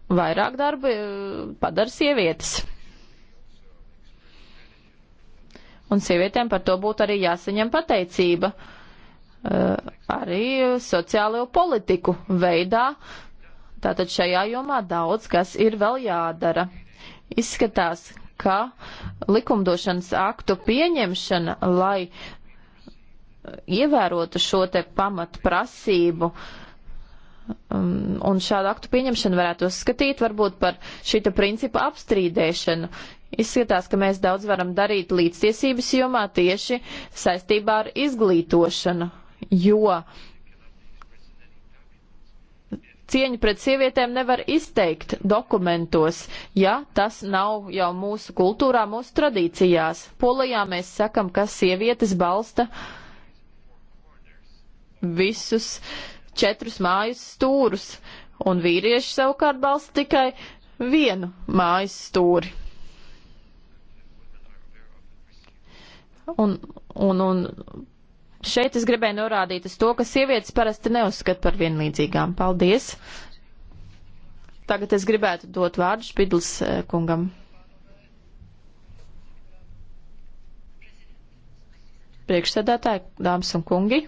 vairāk darba eh, padara sievietes. Un sievietēm par to būtu arī jāsaņem pateicība. Eh, arī sociālo politiku veidā. Tātad šajā jomā daudz kas ir vēl jādara. Izskatās, ka likumdošanas aktu pieņemšana, lai eh, ievērotu šo te pamatprasību, uh, Um, un šādu aktu pieņemšanu varētu uzskatīt varbūt par šīta principa apstrīdēšanu. Izskatās, ka mēs daudz varam darīt līdztiesības jomā tieši saistībā ar izglītošanu, jo cieņu pret sievietēm nevar izteikt dokumentos, ja tas nav jau mūsu kultūrā, mūsu tradīcijās. Polijā mēs sakam, ka sievietes balsta visus uh, četrus mājas stūrus, un vīrieši savukārt balsta tikai vienu mājas stūri. Un, un, un šeit es gribēju norādīt uz to, ka sievietes parasti neuzskata par vienlīdzīgām. Paldies! Tagad es gribētu dot vārdu Špidls eh, kungam. Priekšsēdētāji, dāmas un kungi!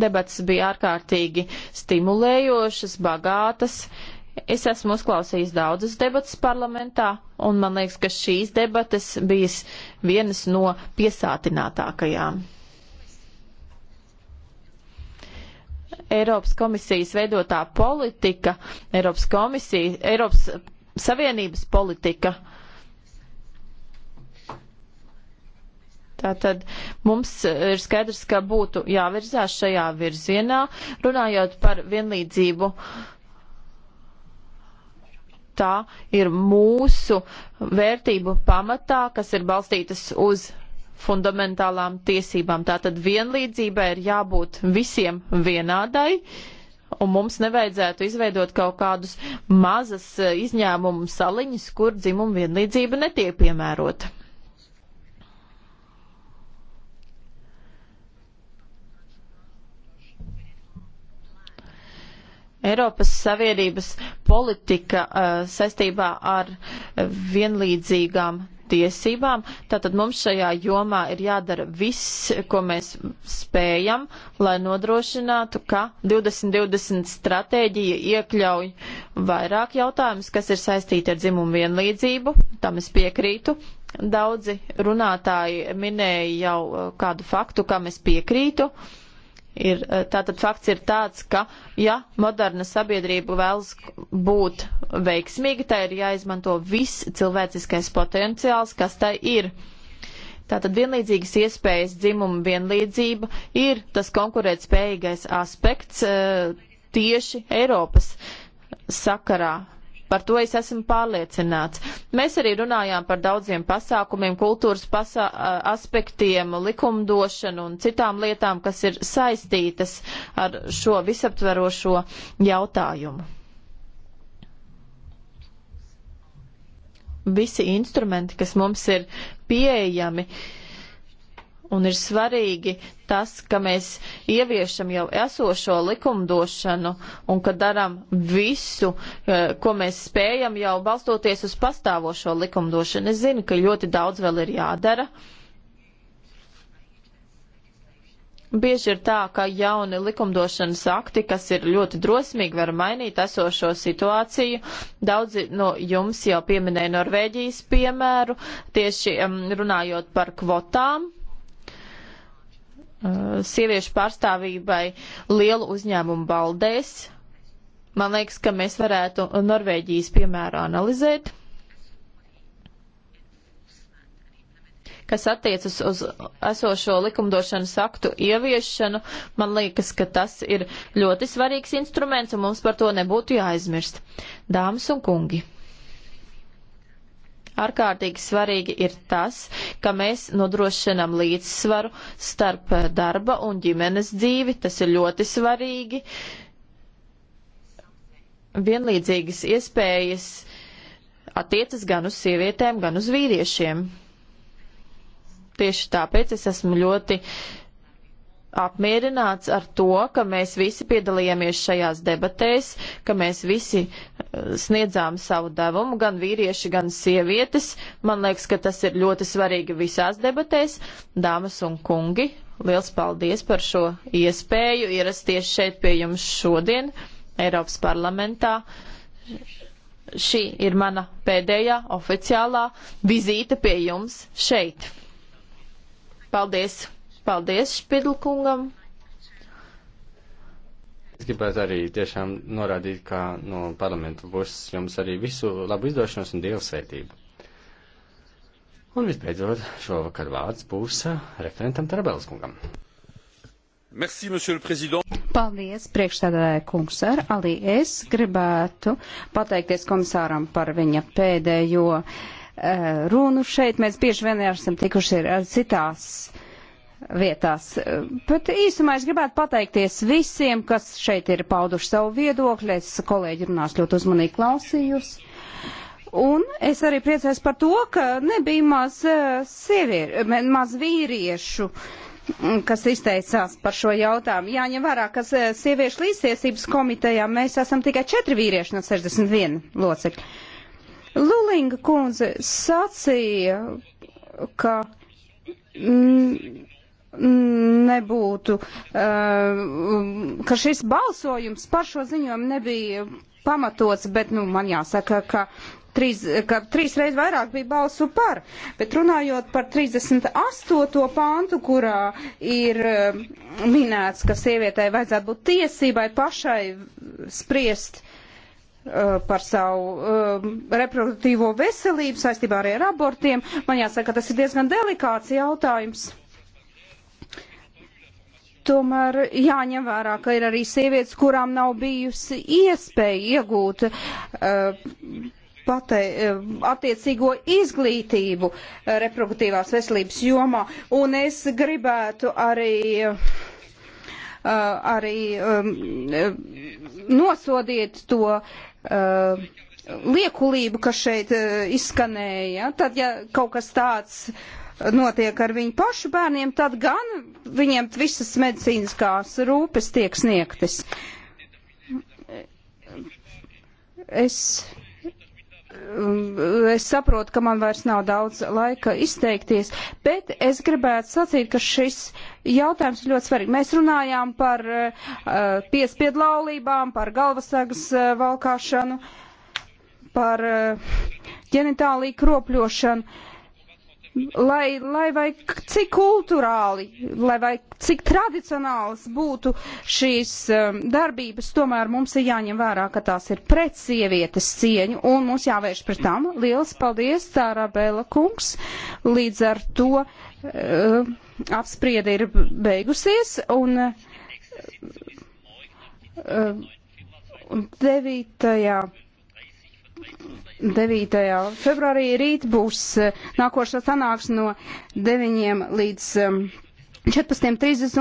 Debats bija ārkārtīgi stimulējošas, bagātas. Es esmu uzklausījis daudzas debatas parlamentā, un man liekas, ka šīs debatas bijis vienas no piesātinātākajām. Eiropas komisijas veidotā politika, Eiropas komisija, Eiropas Savienības politika uh, Tātad mums ir skaidrs, ka būtu jāvirzās šajā virzienā, runājot par vienlīdzību. Tā ir mūsu vērtību pamatā, kas ir balstītas uz fundamentālām tiesībām. Tātad vienlīdzībai ir jābūt visiem vienādai, un mums nevajadzētu izveidot kaut kādus mazas izņēmumu saliņas, kur dzimuma vienlīdzība netiek piemērota. Eiropas Savienības politika uh, saistībā ar vienlīdzīgām tiesībām. Tātad mums šajā jomā ir jādara viss, ko mēs spējam, lai nodrošinātu, ka 2020 stratēģija iekļauj vairāk jautājumus, kas ir saistīti ar dzimumu vienlīdzību. Tam es piekrītu. Daudzi runātāji minēja jau eh, kādu faktu, kam es piekrītu. Uh, ir, eh, tātad fakts ir tāds, ka, ja moderna sabiedrība vēlas būt veiksmīga, tai ir jāizmanto viss cilvēciskais potenciāls, kas tai ir. Tātad vienlīdzīgas iespējas dzimuma vienlīdzība ir tas konkurētspējīgais aspekts eh, tieši Eiropas sakarā. Par to es esmu pārliecināts. Mēs arī runājām par daudziem pasākumiem, kultūras pasā aspektiem, likumdošanu un citām lietām, kas ir saistītas ar šo visaptverošo jautājumu. Visi instrumenti, kas mums ir pieejami, uh, Un ir svarīgi tas, ka mēs ieviešam jau esošo likumdošanu un ka daram visu, eh, ko mēs spējam jau balstoties uz pastāvošo likumdošanu. Es zinu, ka ļoti daudz vēl ir jādara. Bieži ir tā, ka jauni likumdošanas akti, kas ir ļoti drosmīgi, var mainīt esošo situāciju. Daudzi no jums jau pieminēja Norvēģijas piemēru, tieši um, runājot par kvotām. Eh, sieviešu pārstāvībai lielu uzņēmumu baldēs. Man liekas, ka mēs varētu Norvēģijas piemēru analizēt, kas attiecas uz esošo likumdošanas aktu ieviešanu. Man liekas, ka tas ir ļoti svarīgs instruments un mums par to nebūtu jāaizmirst. Dāmas un kungi! Ārkārtīgi svarīgi ir tas, ka mēs nodrošinam līdzsvaru starp darba un ģimenes dzīvi. Tas ir ļoti svarīgi. Vienlīdzīgas iespējas attiecas gan uz sievietēm, gan uz vīriešiem. Tieši tāpēc es esmu ļoti uh, apmierināts ar to, ka mēs visi piedalījāmies šajās debatēs, ka mēs visi eh, sniedzām savu devumu, gan vīrieši, gan sievietes. Man liekas, ka tas ir ļoti svarīgi visās debatēs. Dāmas un kungi, liels paldies par šo iespēju ierasties šeit pie jums šodien Eiropas parlamentā. Šī ir mana pēdējā oficiālā vizīte pie jums šeit. Paldies! Paldies Špidlkungam! Es gribētu arī tiešām norādīt, kā no parlamenta puses jums arī visu labu izdošanos un dievu svētību. Un visbeidzot, šovakar vārds būs eh, referentam Tarabels kungam. Merci, monsieur le président. Paldies, priekšstādāja kungs ar Ali. Es gribētu pateikties komisāram par viņa pēdējo uh, runu šeit. Mēs bieži vien esam tikuši ar citās. Uh, vietās. Bet īsumā es gribētu pateikties visiem, kas šeit ir pauduši savu viedokli. Es kolēģi runās ļoti uzmanīgi klausījus. Un es arī priecājos par to, ka nebija maz, eh, sieviešu, maz vīriešu, mm, kas izteicās par šo jautājumu. Jāņem vērā, ka eh, sieviešu līdztiesības komitejā mēs esam tikai četri vīrieši no 61 locekļi. Lulinga kundze sacīja, ka. Mm, nebūtu, eh, ka šis balsojums par šo ziņojumu nebija pamatots, bet, nu, man jāsaka, ka. Trīs, ka trīs reizes vairāk bija balsu par, bet runājot par 38. pāntu, kurā ir eh, minēts, ka sievietei vajadzētu būt tiesībai pašai spriest uh, par savu uh, reproduktīvo veselību saistībā arī ar abortiem, man jāsaka, tas ir diezgan delikāts jautājums. Uh, Tomēr jāņem vērā, ka ir arī sievietes, kurām nav bijusi iespēja iegūt uh, pate, uh, attiecīgo izglītību uh, reproduktīvās veselības jomā. Un es gribētu arī. Uh, arī um, nosodiet to uh, liekulību, kas šeit uh, izskanēja. Tad, ja kaut kas tāds uh, notiek ar viņu pašu bērniem, tad gan viņiem visas medicīniskās rūpes tiek sniegtas. Es es saprotu, ka man vairs nav daudz laika izteikties, bet es gribētu sacīt, ka šis jautājums ir ļoti svarīgs. Mēs runājām par uh, piespiedu laulībām, par galvasagas uh, valkāšanu, par uh, eh, ģenitāliju kropļošanu lai, lai vai cik kulturāli, lai vai cik tradicionāls būtu šīs um, darbības, tomēr mums ir jāņem vērā, ka tās ir pret sievietes cieņu un mums jāvērš pret tām. Liels paldies, Tārā Bēla kungs. Līdz ar to uh, apspriede ir beigusies un. Uh, uh, 9. 9. februārī rīt būs eh, nākošā sanāksme no 9 līdz 14.30. Eh,